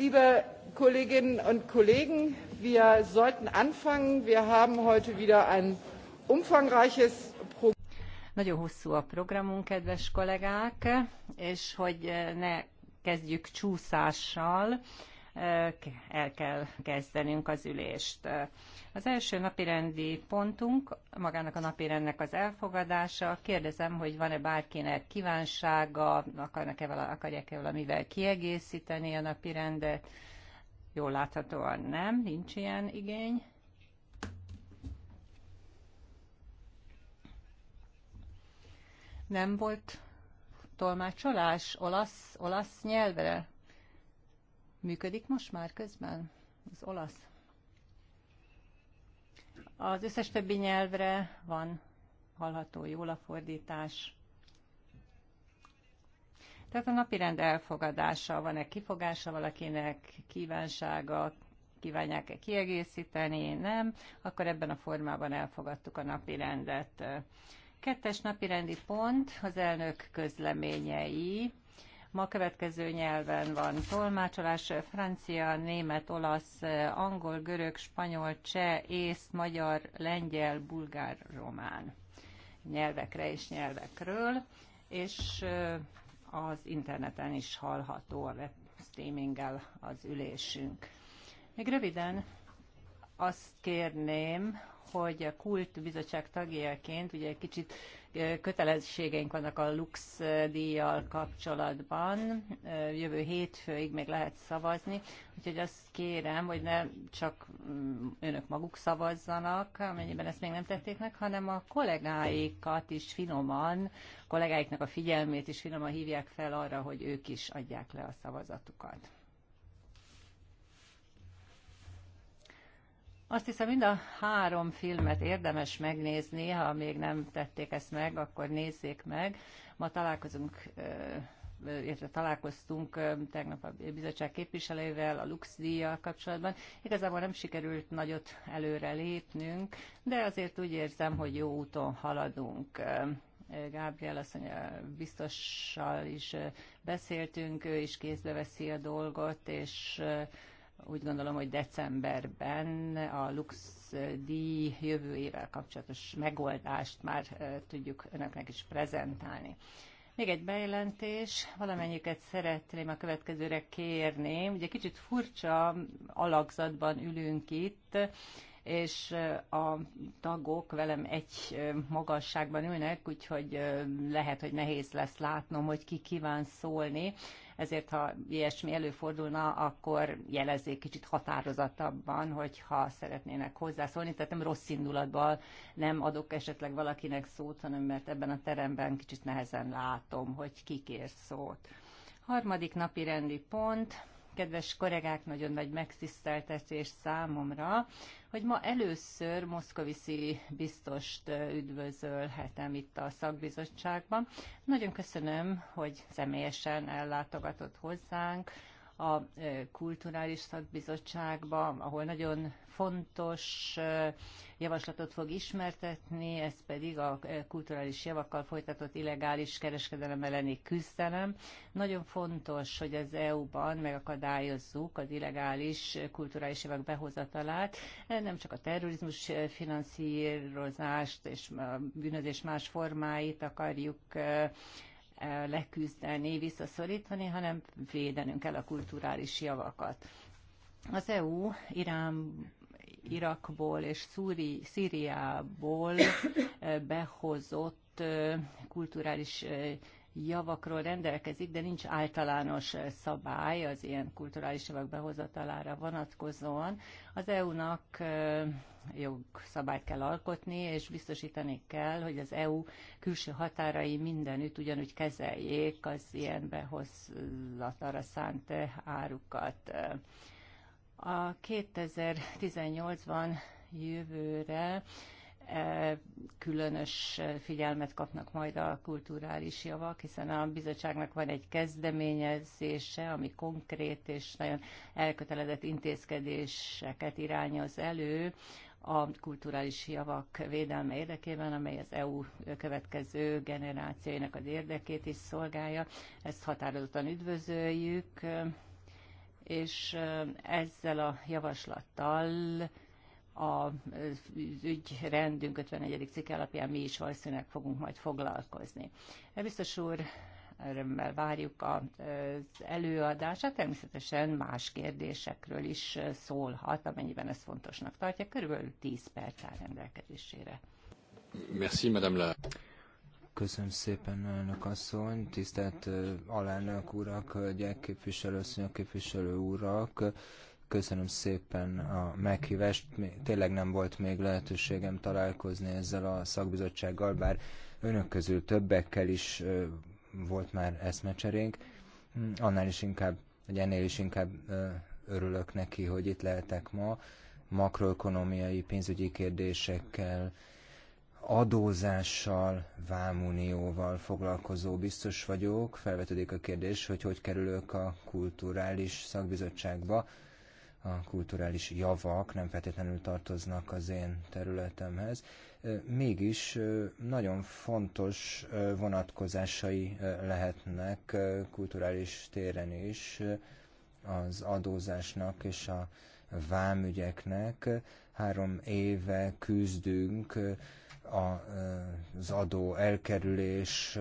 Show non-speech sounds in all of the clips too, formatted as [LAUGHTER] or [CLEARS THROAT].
liebe Kolleginnen und Kollegen, wir sollten anfangen. Wir haben heute wieder ein umfangreiches Programm. Nagyon hosszú a programunk, kedves kollégák, és hogy eh, ne kezdjük csúszással, el kell kezdenünk az ülést. Az első napirendi pontunk, magának a napirendnek az elfogadása. Kérdezem, hogy van-e bárkinek kívánsága, akarnak-e akarják-e valamivel kiegészíteni a napirendet? Jól láthatóan nem, nincs ilyen igény. Nem volt tolmácsolás olasz, olasz nyelvre? Működik most már közben az olasz? Az összes többi nyelvre van hallható jól a fordítás. Tehát a napirend elfogadása, van-e kifogása valakinek, kívánsága, kívánják-e kiegészíteni, nem, akkor ebben a formában elfogadtuk a napirendet. Kettes napirendi pont az elnök közleményei. Ma következő nyelven van tolmácsolás, francia, német, olasz, angol, görög, spanyol, cseh, ész, magyar, lengyel, bulgár, román nyelvekre és nyelvekről, és az interneten is hallható a webstreaminggel az ülésünk. Még röviden azt kérném, hogy a kult bizottság tagjaként ugye egy kicsit kötelezettségeink vannak a Lux díjjal kapcsolatban. Jövő hétfőig még lehet szavazni, úgyhogy azt kérem, hogy ne csak mm, önök maguk szavazzanak, amennyiben ezt még nem tették meg, hanem a kollégáikat is finoman, kollégáiknak a figyelmét is finoman hívják fel arra, hogy ők is adják le a szavazatukat. Azt hiszem, mind a három filmet érdemes megnézni, ha még nem tették ezt meg, akkor nézzék meg. Ma találkozunk illetve találkoztunk tegnap a bizottság képviselővel a Lux díjjal kapcsolatban. Igazából nem sikerült nagyot előre lépnünk, de azért úgy érzem, hogy jó úton haladunk. Gábriel asszony biztossal is beszéltünk, ő is kézbe veszi a dolgot, és úgy gondolom, hogy decemberben a Lux díj jövő évvel kapcsolatos megoldást már tudjuk önöknek is prezentálni. Még egy bejelentés, valamennyiket szeretném a következőre kérni. Ugye kicsit furcsa alakzatban ülünk itt, és a tagok velem egy magasságban ülnek, úgyhogy lehet, hogy nehéz lesz látnom, hogy ki kíván szólni ezért ha ilyesmi előfordulna, akkor jelezzék kicsit határozatabban, hogyha szeretnének hozzászólni, tehát nem rossz indulatban nem adok esetleg valakinek szót, hanem mert ebben a teremben kicsit nehezen látom, hogy kikér szót. Harmadik napi rendi pont, kedves kollégák, nagyon nagy megtiszteltetés számomra, hogy ma először Moszkoviszi biztost üdvözölhetem itt a szakbizottságban. Nagyon köszönöm, hogy személyesen ellátogatott hozzánk, a e, Kulturális Szakbizottságba, ahol nagyon fontos e, javaslatot fog ismertetni, ez pedig a e, kulturális javakkal folytatott illegális kereskedelem elleni küzdelem. Nagyon fontos, hogy az EU-ban megakadályozzuk az illegális kulturális javak behozatalát, nem csak a terrorizmus finanszírozást és a bűnözés más formáit akarjuk leküzdeni, visszaszorítani, hanem védenünk el a kulturális javakat. Az EU Irán Irakból és Szúri, Szíriából behozott kulturális javakról rendelkezik, de nincs általános eh, szabály az ilyen kulturális javak behozatalára vonatkozóan. Az EU-nak eh, jogszabályt kell alkotni, és biztosítani kell, hogy az EU külső határai mindenütt ugyanúgy kezeljék az ilyen behozatalra szánt eh, árukat. A 2018-ban jövőre különös figyelmet kapnak majd a kulturális javak, hiszen a bizottságnak van egy kezdeményezése, ami konkrét és nagyon elkötelezett intézkedéseket irányoz elő a kulturális javak védelme érdekében, amely az EU következő generációinak az érdekét is szolgálja. Ezt határozottan üdvözöljük, és ezzel a javaslattal a ügyrendünk 51. cikk alapján mi is valószínűleg fogunk majd foglalkozni. E, biztos úr, örömmel várjuk az előadását. Természetesen más kérdésekről is szólhat, amennyiben ez fontosnak tartja. Körülbelül 10 perc áll rendelkezésére. Merci, madame la... Köszönöm szépen, elnök asszony, tisztelt alelnök urak, hölgyek, képviselő, képviselő urak. Köszönöm szépen a meghívást. Tényleg nem volt még lehetőségem találkozni ezzel a szakbizottsággal, bár önök közül többekkel is volt már eszmecserénk. Mm, annál is inkább, vagy ennél is inkább örülök neki, hogy itt lehetek ma. Makroökonomiai, pénzügyi kérdésekkel, adózással, vámunióval foglalkozó biztos vagyok. Felvetődik a kérdés, hogy hogy kerülök a kulturális szakbizottságba a kulturális javak nem feltétlenül tartoznak az én területemhez. Mégis nagyon fontos vonatkozásai lehetnek kulturális téren is az adózásnak és a vámügyeknek. Három éve küzdünk az adó elkerülés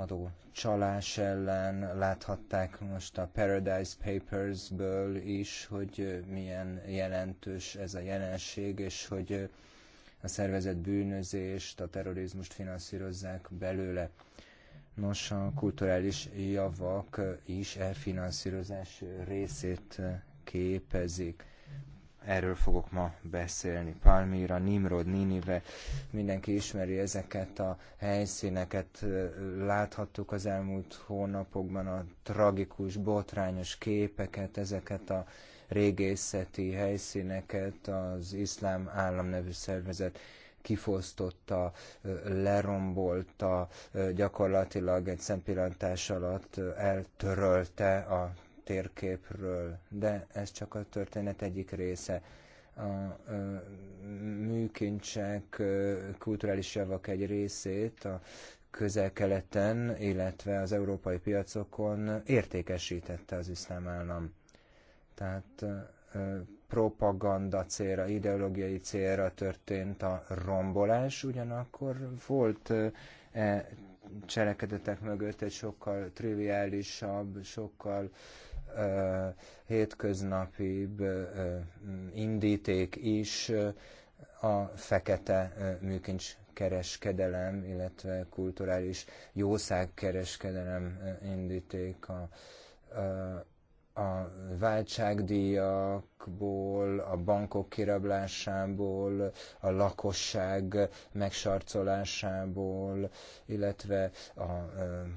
adó csalás ellen láthatták most a Paradise Papers-ből is, hogy milyen jelentős ez a jelenség, és hogy a szervezet bűnözést, a terrorizmust finanszírozzák belőle. Nos, a kulturális javak is elfinanszírozás részét képezik erről fogok ma beszélni. Palmira, Nimrod, Ninive, mindenki ismeri ezeket a helyszíneket. Láthattuk az elmúlt hónapokban a tragikus, botrányos képeket, ezeket a régészeti helyszíneket az iszlám állam nevű szervezet kifosztotta, lerombolta, gyakorlatilag egy szempillantás alatt eltörölte a térképről, de ez csak a történet egyik része. A műkincsek, kulturális javak egy részét a közel-keleten, illetve az európai piacokon értékesítette az iszlám állam. Tehát propaganda célra, ideológiai célra történt a rombolás, ugyanakkor volt e, cselekedetek mögött egy sokkal triviálisabb, sokkal hétköznapibb indíték is a fekete műkincs kereskedelem, illetve kulturális jószágkereskedelem indíték a, a váltságdíjakból, a bankok kirablásából, a lakosság megsarcolásából, illetve a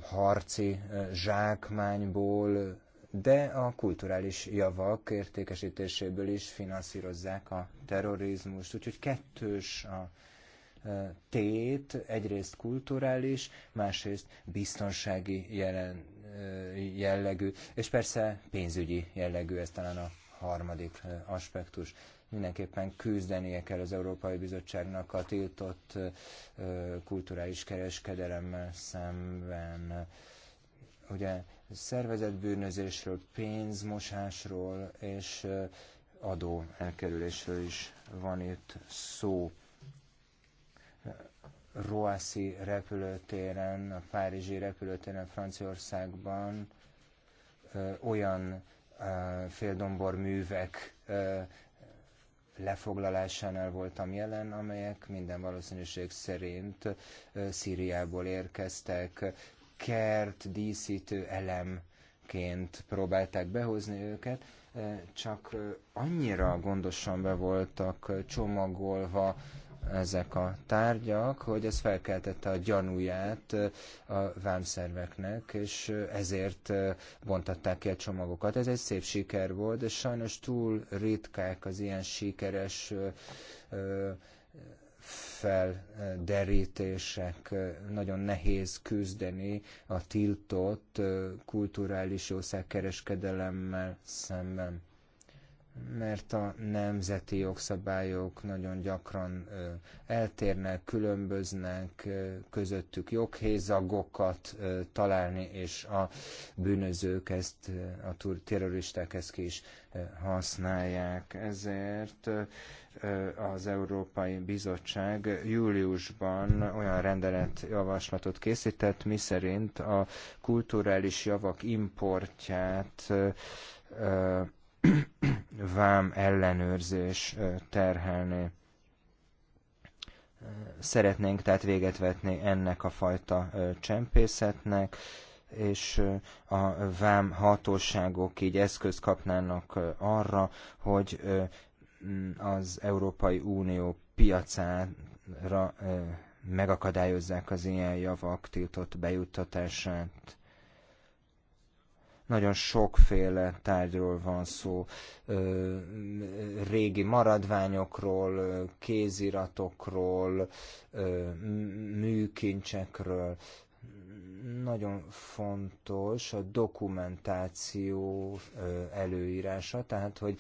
harci zsákmányból de a kulturális javak értékesítéséből is finanszírozzák a terrorizmust. Úgyhogy kettős a e, tét, egyrészt kulturális, másrészt biztonsági jelen, e, jellegű, és persze pénzügyi jellegű, ez talán a harmadik e, aspektus. Mindenképpen küzdenie kell az Európai Bizottságnak a tiltott kulturális kereskedelemmel szemben. Ugye szervezetbűnözésről, pénzmosásról és adó elkerülésről is van itt szó. Roassi repülőtéren, a Párizsi repülőtéren Franciaországban olyan féldombor művek lefoglalásánál voltam jelen, amelyek minden valószínűség szerint Szíriából érkeztek, kert díszítő elemként próbálták behozni őket, csak annyira gondosan be voltak csomagolva ezek a tárgyak, hogy ez felkeltette a gyanúját a vámszerveknek, és ezért bontatták ki a csomagokat. Ez egy szép siker volt, de sajnos túl ritkák az ilyen sikeres felderítések, nagyon nehéz küzdeni a tiltott kulturális jószágkereskedelemmel szemben. Mert a nemzeti jogszabályok nagyon gyakran eltérnek, különböznek, közöttük joghézagokat találni, és a bűnözők ezt, a terroristák ezt ki is használják. Ezért az Európai Bizottság júliusban olyan rendeletjavaslatot készített, miszerint a kulturális javak importját [CLEARS THROAT] vám ellenőrzés terhelni. Szeretnénk tehát véget vetni ennek a fajta csempészetnek, és a vám hatóságok így eszközt kapnának arra, hogy az Európai Unió piacára megakadályozzák az ilyen javak tiltott bejuttatását. Nagyon sokféle tárgyról van szó, régi maradványokról, kéziratokról, műkincsekről, nagyon fontos a dokumentáció előírása, tehát hogy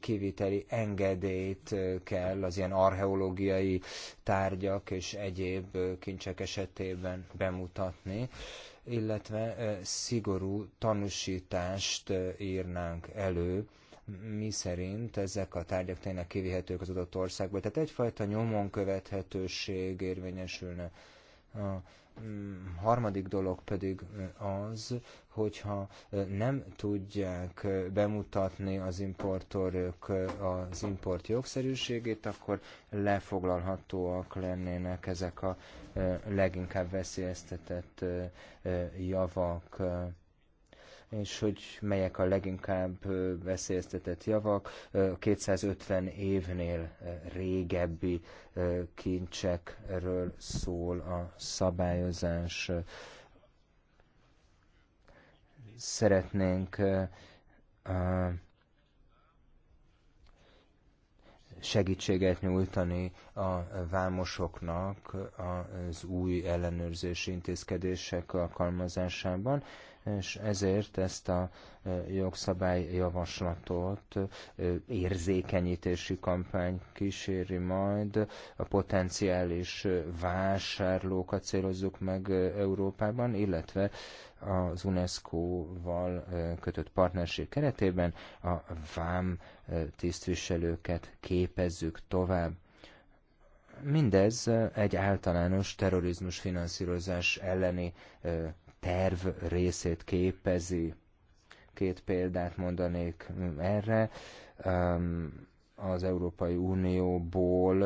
kivételi engedélyt kell az ilyen archeológiai tárgyak és egyéb kincsek esetében bemutatni, illetve szigorú tanúsítást írnánk elő, mi szerint ezek a tárgyak tényleg kivihetők az adott országból. Tehát egyfajta nyomon követhetőség érvényesülne a Mm, harmadik dolog pedig az, hogyha nem tudják bemutatni az importőrök az import jogszerűségét, akkor lefoglalhatóak lennének ezek a leginkább veszélyeztetett javak és hogy melyek a leginkább veszélyeztetett javak, 250 évnél régebbi kincsekről szól a szabályozás. Szeretnénk segítséget nyújtani a vámosoknak az új ellenőrzési intézkedések alkalmazásában és ezért ezt a jogszabályjavaslatot érzékenyítési kampány kíséri majd. A potenciális vásárlókat célozzuk meg Európában, illetve az UNESCO-val kötött partnerség keretében a VÁM tisztviselőket képezzük tovább. Mindez egy általános terrorizmus finanszírozás elleni terv részét képezi. Két példát mondanék erre. Az Európai Unióból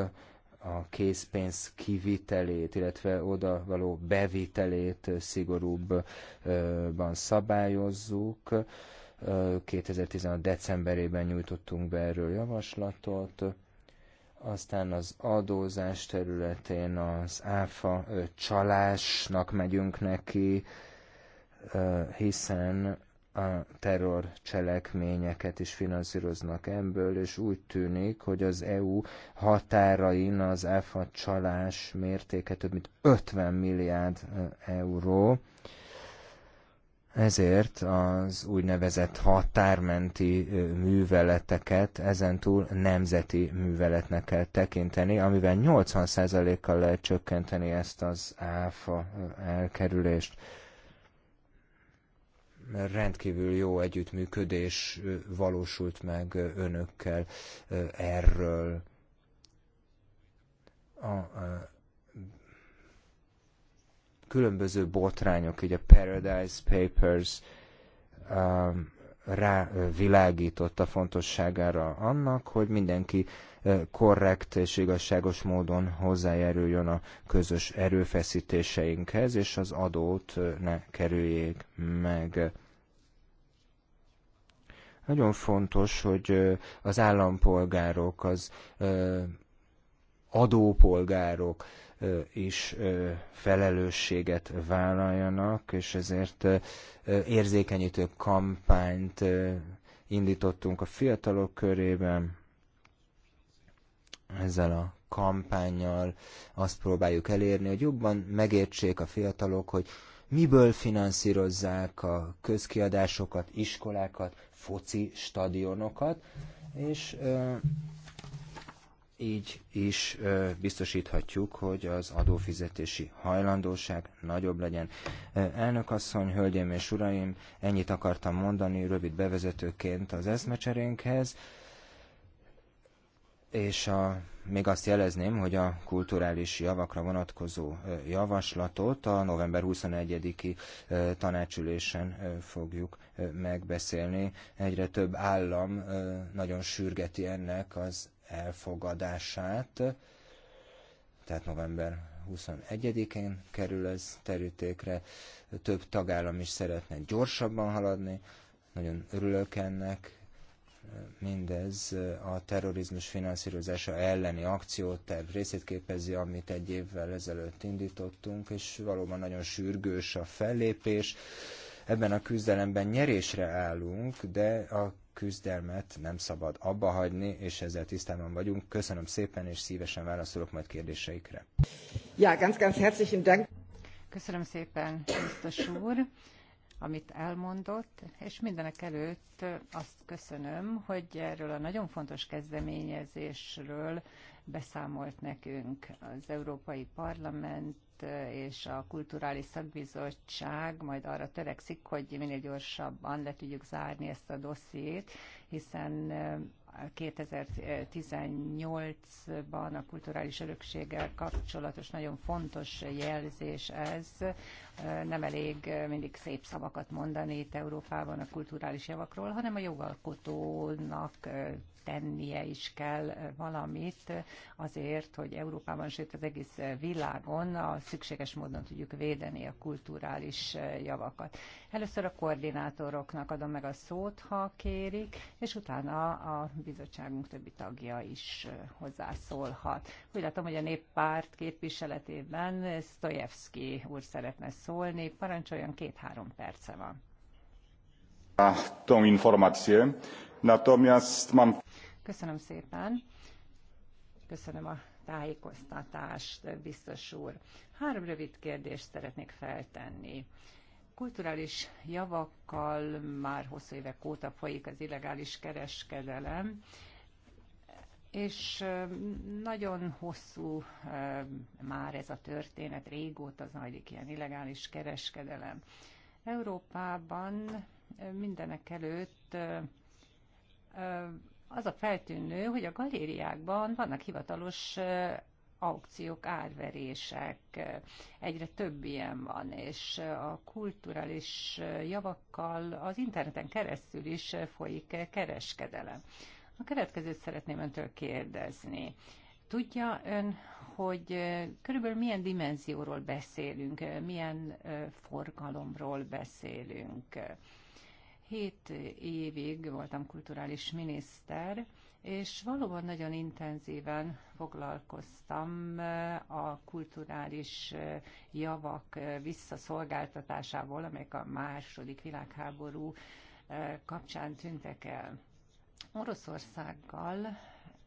a készpénz kivitelét, illetve oda való bevitelét szigorúbban szabályozzuk. 2016. decemberében nyújtottunk be erről javaslatot. Aztán az adózás területén az áfa csalásnak megyünk neki, hiszen a terror cselekményeket is finanszíroznak ebből, és úgy tűnik, hogy az EU határain az áfa csalás mértéke több mint 50 milliárd euró. Ezért az úgynevezett határmenti műveleteket ezentúl nemzeti műveletnek kell tekinteni, amivel 80%-kal lehet csökkenteni ezt az áfa elkerülést. Rendkívül jó együttműködés valósult meg önökkel erről. A különböző botrányok, így a Paradise Papers um, rávilágított a fontosságára annak, hogy mindenki korrekt és igazságos módon hozzájáruljon a közös erőfeszítéseinkhez, és az adót ne kerüljék meg. Nagyon fontos, hogy az állampolgárok, az adópolgárok, is felelősséget vállaljanak, és ezért érzékenyítő kampányt indítottunk a fiatalok körében. Ezzel a kampányjal azt próbáljuk elérni, hogy jobban megértsék a fiatalok, hogy miből finanszírozzák a közkiadásokat, iskolákat, foci stadionokat, és így is biztosíthatjuk, hogy az adófizetési hajlandóság nagyobb legyen. Elnök asszony, hölgyeim és uraim, ennyit akartam mondani rövid bevezetőként az eszmecserénkhez, és a, még azt jelezném, hogy a kulturális javakra vonatkozó javaslatot a november 21-i tanácsülésen fogjuk megbeszélni. Egyre több állam nagyon sürgeti ennek az elfogadását, tehát november 21-én kerül ez terültékre, több tagállam is szeretne gyorsabban haladni, nagyon örülök ennek, mindez a terrorizmus finanszírozása elleni akcióterv részét képezi, amit egy évvel ezelőtt indítottunk, és valóban nagyon sürgős a fellépés. Ebben a küzdelemben nyerésre állunk, de a küzdelmet nem szabad abba hagyni, és ezzel tisztában vagyunk. Köszönöm szépen, és szívesen válaszolok majd kérdéseikre. Ja, ganz, ganz herzlichen Dank. Köszönöm szépen, biztos úr, amit elmondott, és mindenek előtt azt köszönöm, hogy erről a nagyon fontos kezdeményezésről beszámolt nekünk az Európai Parlament és a Kulturális Szakbizottság majd arra törekszik, hogy minél gyorsabban le tudjuk zárni ezt a dossziét, hiszen 2018-ban eh, a kulturális örökséggel kapcsolatos nagyon fontos jelzés ez. Eh, nem elég eh, mindig szép szavakat mondani itt Európában a kulturális javakról, hanem a jogalkotónak tennie is kell valamit azért, hogy Európában, sőt az egész világon a szükséges módon tudjuk védeni a kulturális javakat. Először a koordinátoroknak adom meg a szót, ha kérik, és utána a bizottságunk többi tagja is hozzászólhat. Úgy látom, hogy a néppárt képviseletében Stojevski úr szeretne szólni. Parancsoljon, két-három perce van. A Tom informację, Natomiast mam... Köszönöm szépen. Köszönöm a tájékoztatást, biztos úr. Három rövid kérdést szeretnék feltenni. Kulturális javakkal már hosszú évek óta folyik az illegális kereskedelem, és nagyon hosszú már ez a történet, régóta zajlik ilyen illegális kereskedelem. Európában mindenek előtt az a feltűnő, hogy a galériákban vannak hivatalos aukciók, árverések, egyre több ilyen van, és a kulturális javakkal az interneten keresztül is folyik kereskedelem. A következőt szeretném öntől kérdezni. Tudja ön, hogy körülbelül milyen dimenzióról beszélünk, milyen forgalomról beszélünk? Hét évig voltam kulturális miniszter, és valóban nagyon intenzíven foglalkoztam eh, a kulturális eh, javak eh, visszaszolgáltatásával, amelyek a második világháború kapcsán tűntek el. Oroszországgal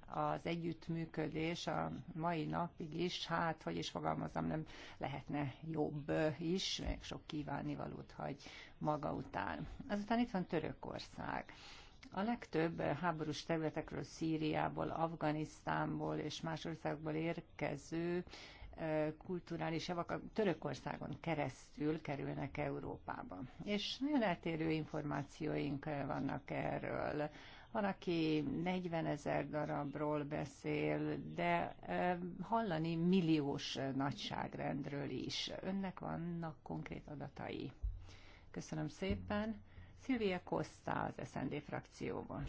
az együttműködés a mai napig is, hát, hogy is fogalmazom, nem lehetne jobb is, meg sok kívánivalót hagy maga után. Azután itt van Törökország. A legtöbb háborús területekről, Szíriából, Afganisztánból és más országból érkező kulturális javak a Törökországon keresztül kerülnek Európába. És nagyon eltérő információink vannak erről. Van, aki 40 ezer darabról beszél, de hallani milliós nagyságrendről is. Önnek vannak konkrét adatai. Köszönöm szépen. Szilvia Kosta az SND frakcióban.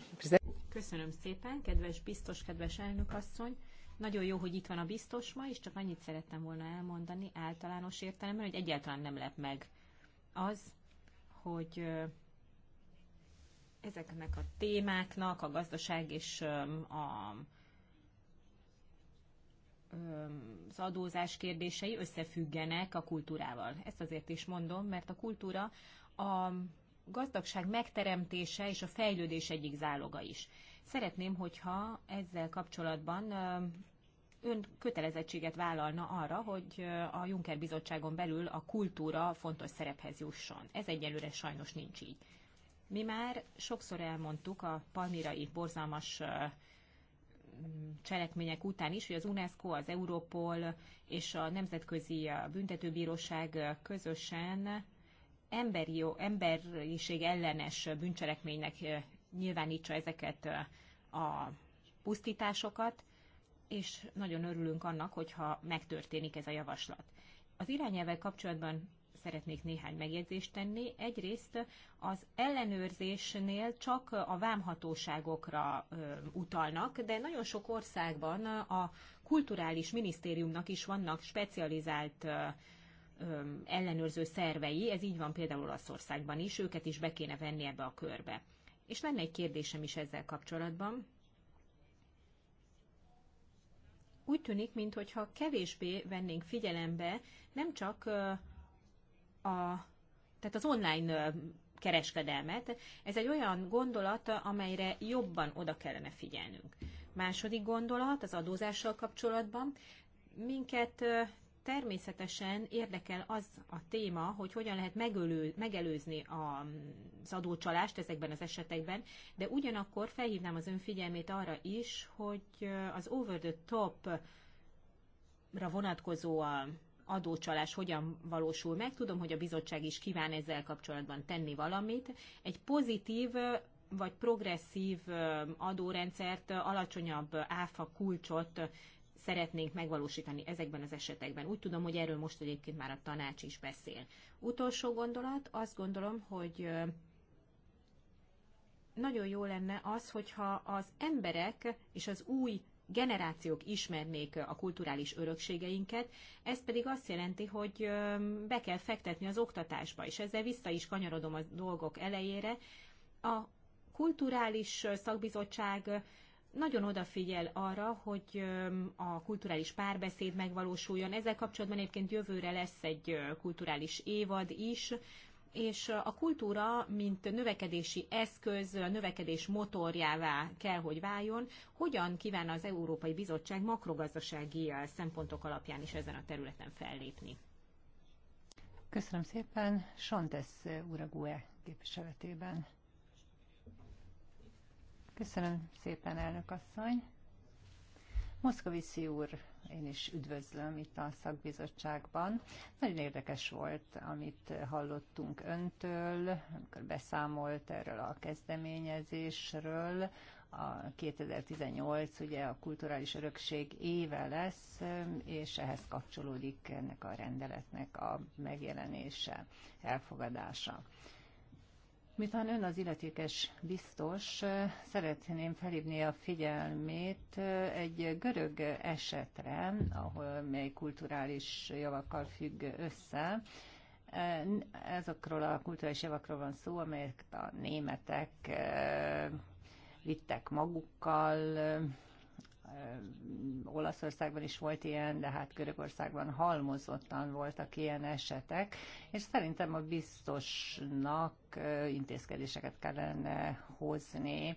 Köszönöm szépen, kedves biztos, kedves elnökasszony. Nagyon jó, hogy itt van a biztos ma, és csak annyit szerettem volna elmondani általános értelemben, hogy egyáltalán nem lep meg az, hogy ezeknek a témáknak, a gazdaság és a, az adózás kérdései összefüggenek a kultúrával. Ezt azért is mondom, mert a kultúra a gazdagság megteremtése és a fejlődés egyik záloga is. Szeretném, hogyha ezzel kapcsolatban ön kötelezettséget vállalna arra, hogy a Juncker Bizottságon belül a kultúra fontos szerephez jusson. Ez egyelőre sajnos nincs így. Mi már sokszor elmondtuk a palmirai borzalmas cselekmények után is, hogy az UNESCO, az Európol és a Nemzetközi Büntetőbíróság közösen emberi, emberiség ellenes bűncselekménynek nyilvánítsa ezeket a pusztításokat, és nagyon örülünk annak, hogyha megtörténik ez a javaslat. Az irányelvvel kapcsolatban szeretnék néhány megjegyzést tenni. Egyrészt az ellenőrzésnél csak a vámhatóságokra utalnak, de nagyon sok országban a kulturális minisztériumnak is vannak specializált ellenőrző szervei, ez így van például Olaszországban is, őket is be kéne venni ebbe a körbe. És lenne egy kérdésem is ezzel kapcsolatban. Úgy tűnik, mintha kevésbé vennénk figyelembe nem csak a, tehát az online kereskedelmet. Ez egy olyan gondolat, amelyre jobban oda kellene figyelnünk. Második gondolat az adózással kapcsolatban. Minket természetesen érdekel az a téma, hogy hogyan lehet megölő, megelőzni az adócsalást ezekben az esetekben, de ugyanakkor felhívnám az ön figyelmét arra is, hogy az over the top ra vonatkozó a adócsalás hogyan valósul meg. Tudom, hogy a bizottság is kíván ezzel kapcsolatban tenni valamit. Egy pozitív vagy progresszív adórendszert, alacsonyabb áfa kulcsot szeretnénk megvalósítani ezekben az esetekben. Úgy tudom, hogy erről most egyébként már a tanács is beszél. Utolsó gondolat, azt gondolom, hogy nagyon jó lenne az, hogyha az emberek és az új generációk ismernék a kulturális örökségeinket, ez pedig azt jelenti, hogy be kell fektetni az oktatásba, és ezzel vissza is kanyarodom a dolgok elejére. A kulturális szakbizottság nagyon odafigyel arra, hogy a kulturális párbeszéd megvalósuljon. Ezzel kapcsolatban egyébként jövőre lesz egy kulturális évad is, és a kultúra, mint növekedési eszköz, növekedés motorjává kell, hogy váljon. Hogyan kíván az Európai Bizottság makrogazdasági szempontok alapján is ezen a területen fellépni? Köszönöm szépen. Santes Uragúe képviseletében. Köszönöm szépen, elnök asszony. Moszkovici úr én is üdvözlöm itt a szakbizottságban. Nagyon érdekes volt, amit hallottunk öntől, amikor beszámolt erről a kezdeményezésről, a 2018 ugye a kulturális örökség éve lesz, és ehhez kapcsolódik ennek a rendeletnek a megjelenése, elfogadása. Miután ön az illetékes biztos, szeretném felhívni a figyelmét egy görög esetre, ahol mely kulturális javakkal függ össze. Ezokról a kulturális javakról van szó, amelyek a németek eh, vittek magukkal, Olaszországban is volt ilyen, de hát Görögországban halmozottan voltak ilyen esetek, és szerintem a biztosnak intézkedéseket kellene hozni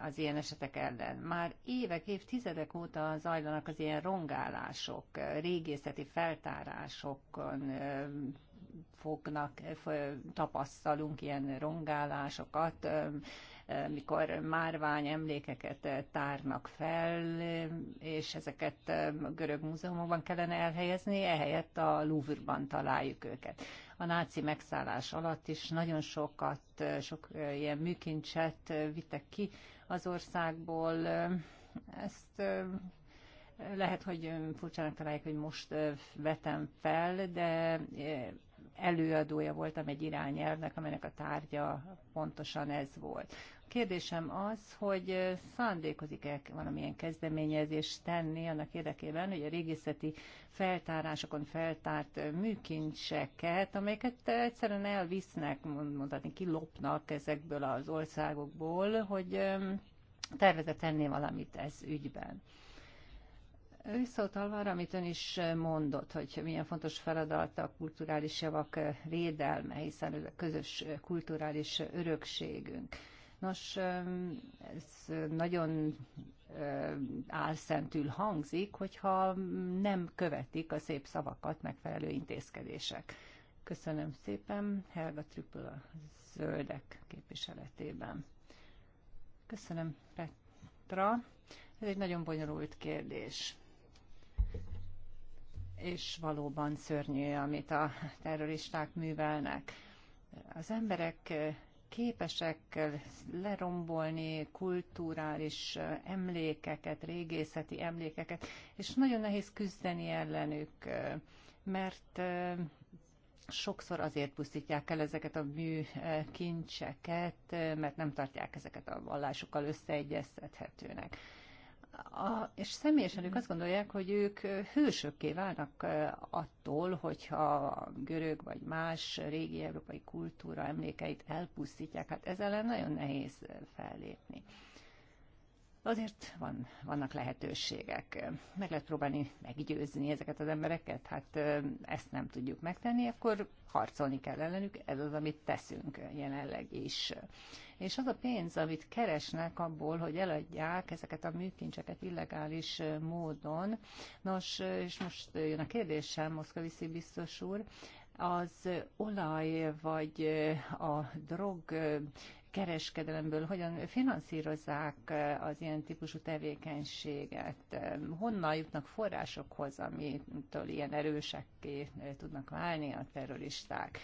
az ilyen esetek ellen. Már évek, évtizedek óta zajlanak az ilyen rongálások, régészeti feltárásokon fognak, tapasztalunk ilyen rongálásokat, mikor márvány emlékeket eh, tárnak fel, és ezeket a eh, görög múzeumokban kellene elhelyezni, ehelyett a Louvre-ban találjuk őket. A náci megszállás alatt is nagyon sokat, eh, sok ilyen műkincset vittek ki az országból. Ezt lehet, hogy furcsának találják, hogy most vetem fel, de előadója voltam egy irányelvnek, amelynek a tárgya pontosan ez volt. Kérdésem az, hogy szándékozik-e valamilyen kezdeményezést tenni annak érdekében, hogy a régészeti feltárásokon feltárt műkincseket, amelyeket egyszerűen elvisznek, mondhatni, kilopnak ezekből az országokból, hogy tervezett tenni valamit ez ügyben. Visszautalva arra, amit ön is mondott, hogy milyen fontos feladat a kulturális javak védelme, hiszen ez a közös kulturális örökségünk. Nos, ez nagyon álszentül hangzik, hogyha nem követik a szép szavakat megfelelő intézkedések. Köszönöm szépen, Helga Trüppel a zöldek képviseletében. Köszönöm, Petra. Ez egy nagyon bonyolult kérdés. És valóban szörnyű, amit a terroristák művelnek. Az emberek képesek lerombolni kulturális emlékeket, régészeti emlékeket, és nagyon nehéz küzdeni ellenük, mert sokszor azért pusztítják el ezeket a műkincseket, mert nem tartják ezeket a vallásokkal összeegyeztethetőnek a, és személyesen ők azt gondolják, hogy ők hősökké válnak attól, hogyha a görög vagy más régi európai kultúra emlékeit elpusztítják. Hát ez ellen nagyon nehéz fellépni. Azért van, vannak lehetőségek. Meg lehet próbálni meggyőzni ezeket az embereket, hát ezt nem tudjuk megtenni, akkor harcolni kell ellenük, ez az, amit teszünk jelenleg is és az a pénz, amit keresnek abból, hogy eladják ezeket a műkincseket illegális módon, nos, és most jön a kérdésem, Moszkaviszi biztos úr, az olaj vagy a drog kereskedelemből hogyan finanszírozzák az ilyen típusú tevékenységet, honnan jutnak forrásokhoz, amitől ilyen erősekké tudnak válni a terroristák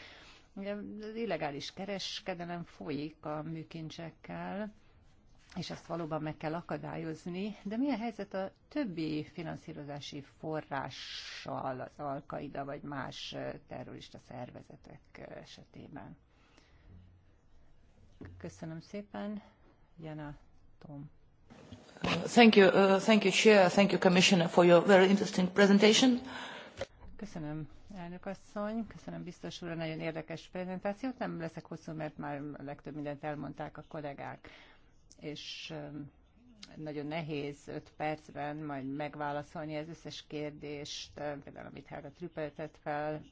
illegális kereskedelem folyik a műkincsekkel, és ezt valóban meg kell akadályozni, de milyen helyzet a többi finanszírozási forrással, az Alkaida vagy más terrorista szervezetek esetében? Köszönöm szépen, Jana Tom. Thank you, uh, thank you, Chair, thank you, Commissioner, for your very interesting presentation. Köszönöm, elnök asszony. Köszönöm biztos úr a nagyon érdekes prezentációt. Nem leszek hosszú, mert már a legtöbb mindent elmondták a kollégák. És nagyon nehéz öt percben majd megválaszolni az összes kérdést, például amit Helga Trüppel tett fel.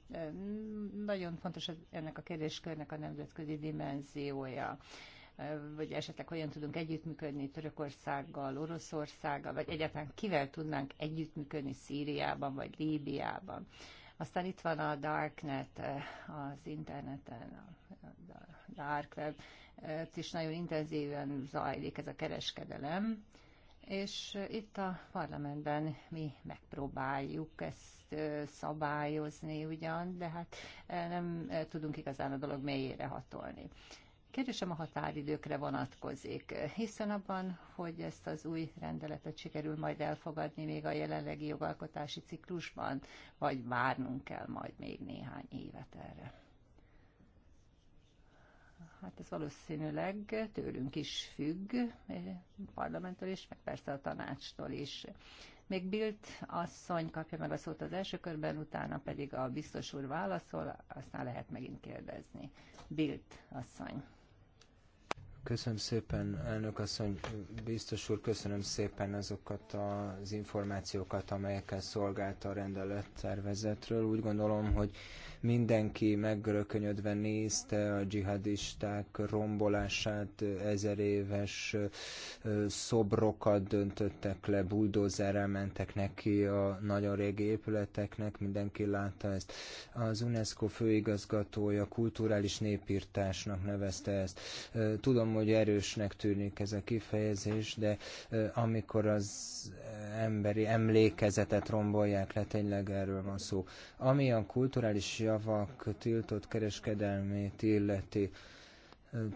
Nagyon fontos ennek a kérdéskörnek a nemzetközi dimenziója vagy esetleg hogyan tudunk együttműködni Törökországgal, Oroszországgal, vagy egyáltalán kivel tudnánk együttműködni Szíriában vagy Líbiában. Aztán itt van a Darknet, eh, az interneten, a Dark Web, itt is nagyon intenzíven zajlik ez a kereskedelem, és itt a parlamentben mi megpróbáljuk ezt eh, szabályozni ugyan, de hát eh, nem tudunk igazán a dolog mélyére hatolni. Kérdésem a határidőkre vonatkozik, hiszen abban, hogy ezt az új rendeletet sikerül majd elfogadni még a jelenlegi jogalkotási ciklusban, vagy várnunk kell majd még néhány évet erre. Hát ez valószínűleg tőlünk is függ, eh, parlamenttől is, meg persze a tanácstól is. Még Bilt asszony kapja meg a szót az első körben, utána pedig a biztos úr válaszol, aztán lehet megint kérdezni. Bilt asszony. Köszönöm szépen, elnök asszony, biztos úr, köszönöm szépen azokat az információkat, amelyekkel szolgált a rendelettervezetről. Úgy gondolom, hogy Mindenki meggörökönyödve nézte a dzsihadisták rombolását, ezer éves szobrokat döntöttek le, buldózerrel mentek neki a nagyon régi épületeknek, mindenki látta ezt. Az UNESCO főigazgatója kulturális népírtásnak nevezte ezt. Tudom, hogy erősnek tűnik ez a kifejezés, de amikor az emberi emlékezetet rombolják le, tényleg erről van szó. Ami a kulturális javak tiltott kereskedelmét illeti.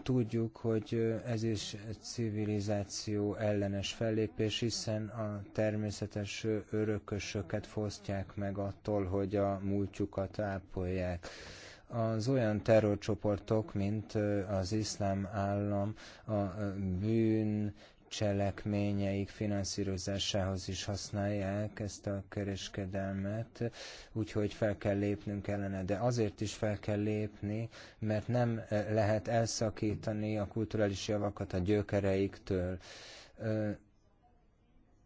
Tudjuk, hogy ez is civilizáció ellenes fellépés, hiszen a természetes örökösöket fosztják meg attól, hogy a múltjukat ápolják az olyan terrorcsoportok, mint az iszlám állam, a bűn cselekményeik finanszírozásához is használják ezt a kereskedelmet, úgyhogy fel kell lépnünk ellene. De azért is fel kell lépni, mert nem eh, lehet elszakítani a kulturális javakat a gyökereiktől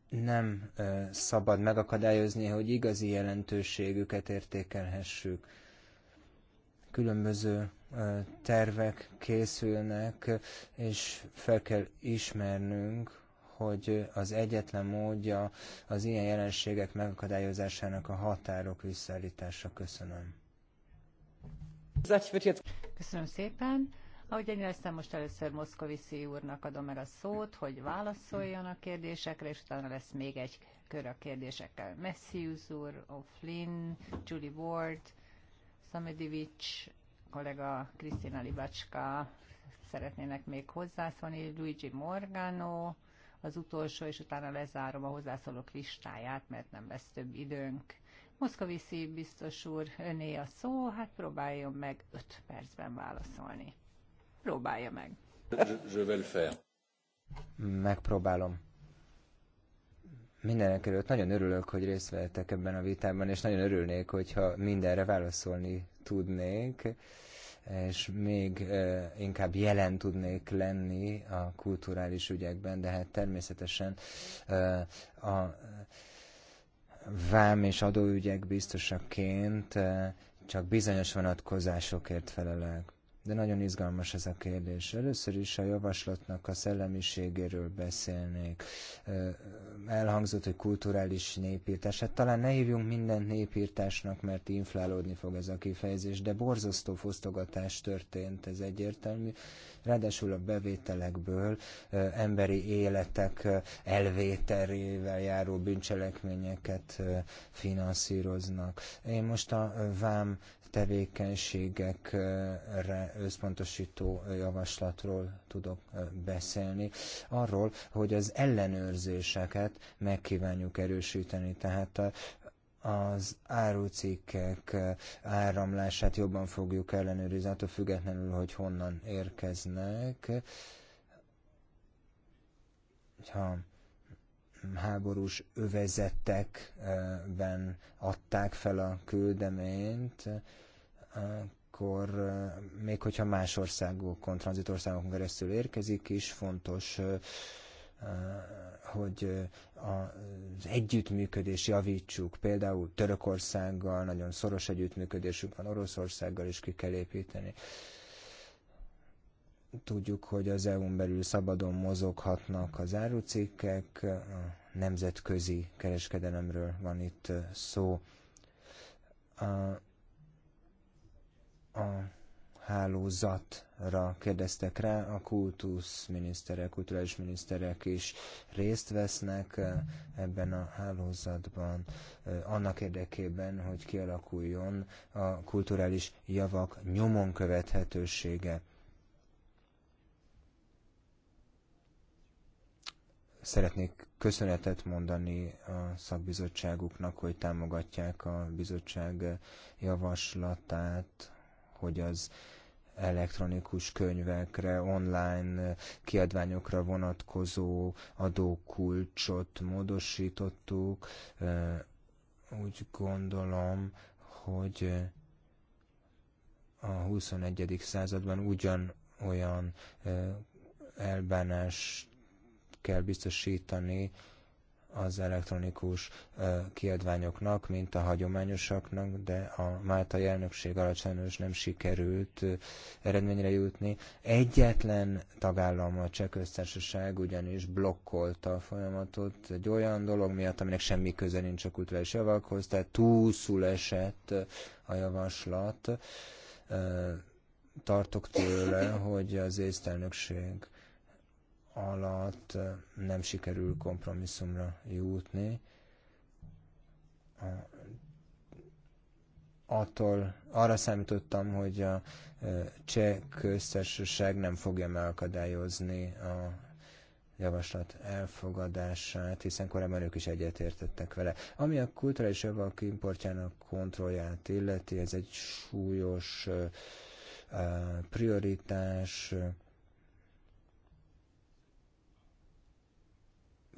nem eh, szabad megakadályozni, hogy igazi jelentőségüket értékelhessük. Különböző tervek készülnek, és fel kell ismernünk, hogy az egyetlen módja az ilyen jelenségek megakadályozásának a határok visszaállítása. Köszönöm. Köszönöm szépen. Ahogy egyrészt most először Moszkoviszi úrnak adom el a szót, hogy válaszoljon a kérdésekre, és utána lesz még egy kör a kérdésekkel. Matthews úr, O'Flynn, Julie Ward, Samedivics kollega Krisztina Libacska szeretnének még hozzászólni, Luigi Morgano az utolsó, és utána lezárom a hozzászólók listáját, mert nem lesz több időnk. Moszkoviszi biztos úr, öné a szó, hát próbáljon meg 5 percben válaszolni. Próbálja meg. Je vais faire. Megpróbálom. Mindenek előtt nagyon örülök, hogy részt vettek ebben a vitában, és nagyon örülnék, hogyha mindenre válaszolni tudnék, és még inkább jelen tudnék lenni a kulturális ügyekben, de hát természetesen a vám és adóügyek biztosaként csak bizonyos vonatkozásokért felelek de nagyon izgalmas ez a kérdés. Először is a javaslatnak a szellemiségéről beszélnék. Elhangzott, hogy kulturális népírtás. Hát talán ne hívjunk mindent népírtásnak, mert inflálódni fog ez a kifejezés, de borzasztó fosztogatás történt, ez egyértelmű. Ráadásul a bevételekből emberi életek elvételével járó bűncselekményeket finanszíroznak. Én most a vám tevékenységekre összpontosító javaslatról tudok beszélni. Arról, hogy az ellenőrzéseket megkívánjuk erősíteni, tehát a, az árucikkek áramlását jobban fogjuk ellenőrizni, attól függetlenül, hogy honnan érkeznek. Ha háborús övezetekben adták fel a küldeményt, akkor még hogyha más országokon, tranzitországokon keresztül érkezik is, fontos, hogy az együttműködés javítsuk. Például Törökországgal nagyon szoros együttműködésünk van, Oroszországgal is ki kell építeni tudjuk, hogy az EU-n belül szabadon mozoghatnak az árucikkek, a nemzetközi kereskedelemről van itt szó. A a hálózatra kérdeztek rá, a kultuszminiszterek, kulturális miniszterek is részt vesznek ebben a hálózatban, annak érdekében, hogy kialakuljon a kulturális javak nyomon követhetősége. Szeretnék köszönetet mondani a szakbizottságuknak, hogy támogatják a bizottság javaslatát, hogy az elektronikus könyvekre, online kiadványokra vonatkozó adókulcsot módosítottuk. Úgy gondolom, hogy a 21. században ugyan olyan elbánást kell biztosítani az elektronikus kiadványoknak, mint a hagyományosaknak, de a Málta elnökség alatt sajnos nem sikerült eredményre jutni. Egyetlen tagállam a cseh köztársaság ugyanis blokkolta a folyamatot egy olyan dolog miatt, aminek semmi köze nincs a kulturális javakhoz, tehát túlszul esett a javaslat. Tartok tőle, hogy az észtelnökség alatt nem sikerül kompromisszumra jutni. Attól arra számítottam, hogy a cseh köztársaság nem fogja megakadályozni a javaslat elfogadását, hiszen korábban ők is egyetértettek vele. Ami a kulturális javak importjának kontrollját illeti, ez egy súlyos prioritás,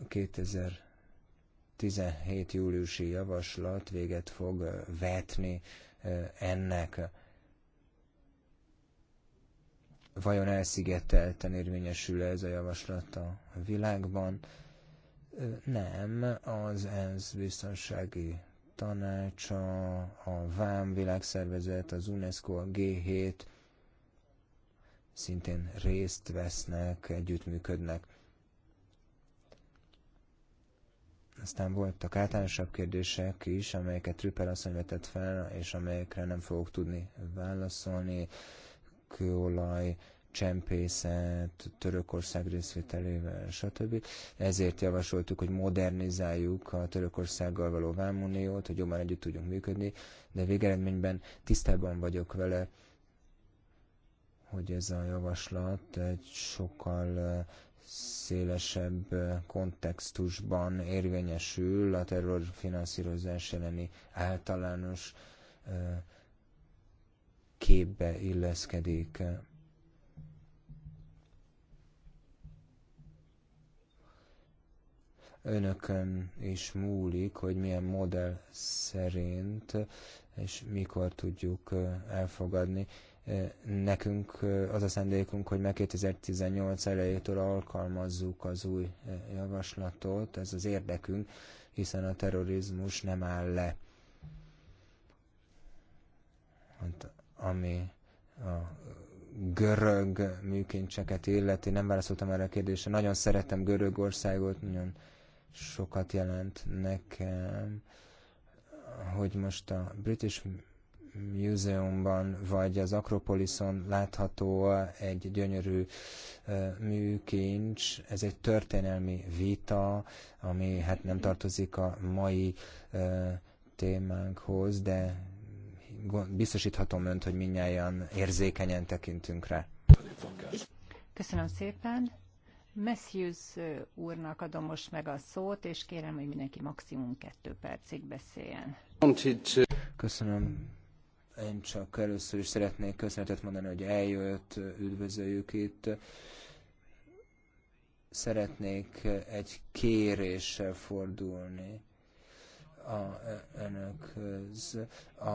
2017 júliusi javaslat véget fog vetni ennek vajon elszigetelten érvényesül ez a javaslat a világban? Nem, az ENSZ biztonsági tanácsa, a VÁM világszervezet, az UNESCO, a G7 szintén részt vesznek, együttműködnek. Aztán voltak általánosabb kérdések is, amelyeket Trüppel asszony vetett fel, és amelyekre nem fogok tudni válaszolni. Kőolaj, csempészet, Törökország részvételével, stb. Ezért javasoltuk, hogy modernizáljuk a Törökországgal való vámuniót, hogy jobban együtt tudjunk működni, de végeredményben tisztában vagyok vele, hogy ez a javaslat egy sokkal szélesebb kontextusban érvényesül a terrorfinanszírozás elleni általános képbe illeszkedik. önökön is múlik, hogy milyen modell szerint és mikor tudjuk elfogadni. Nekünk az a szándékunk, hogy meg 2018 elejétől alkalmazzuk az új javaslatot, ez az érdekünk, hiszen a terrorizmus nem áll le. Hát, ami a görög műkincseket illeti, nem válaszoltam erre a kérdésre. Nagyon szeretem Görögországot, nagyon sokat jelent nekem, hogy most a British Múzeumban vagy az Akropoliszon látható egy gyönyörű műkincs. Ez egy történelmi vita, ami hát nem tartozik a mai témánkhoz, de biztosíthatom önt, hogy minnyáján érzékenyen tekintünk rá. Köszönöm szépen. Messius úrnak adom most meg a szót, és kérem, hogy mindenki maximum kettő percig beszéljen. Köszönöm én csak először is szeretnék köszönetet mondani, hogy eljött, üdvözöljük itt. Szeretnék egy kéréssel fordulni a, önökhöz. A,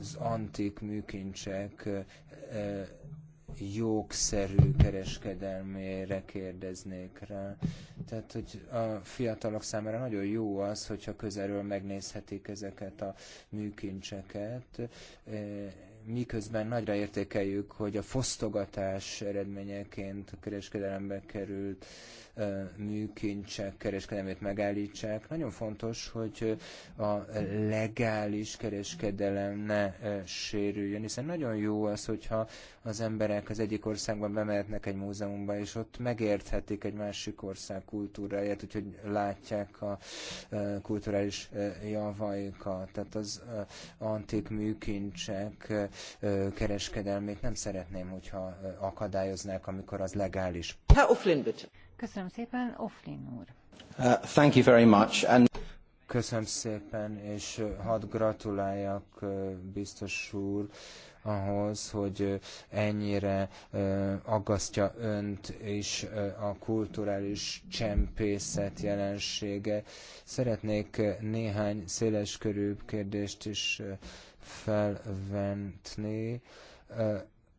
az antik műkincsek jogszerű kereskedelmére kérdeznék rá. Tehát, hogy a fiatalok számára nagyon jó az, hogyha közelről megnézhetik ezeket a műkincseket, e, miközben nagyra értékeljük, hogy a fosztogatás eredményeként a kereskedelembe került műkincsek kereskedelmét megállítsák. Nagyon fontos, hogy a legális kereskedelem ne sérüljön, hiszen nagyon jó az, hogyha az emberek az egyik országban bemehetnek egy múzeumban, és ott megérthetik egy másik ország kultúráját, úgyhogy látják a kulturális javaikat. Tehát az antik műkincsek kereskedelmét nem szeretném, hogyha akadályoznák, amikor az legális. Herr Ufflin bitte. Köszönöm szépen, Oflin úr. Uh, thank you very much. And... Köszönöm szépen, és hadd gratuláljak, uh, biztos úr, ahhoz, hogy uh, ennyire uh, aggasztja önt és a kulturális csempészet jelensége. Szeretnék néhány széleskörű kérdést is felventni.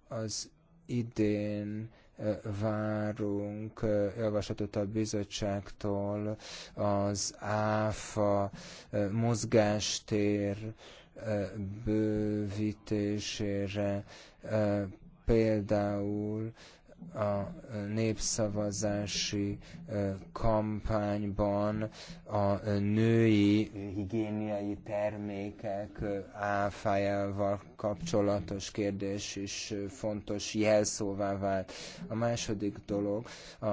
Az idén várunk javaslatot a bizottságtól az ÁFA mozgástér bővítésére, például a népszavazási kampányban a női higiéniai termékek áfájával kapcsolatos kérdés is fontos jelszóvá vált. A második dolog, a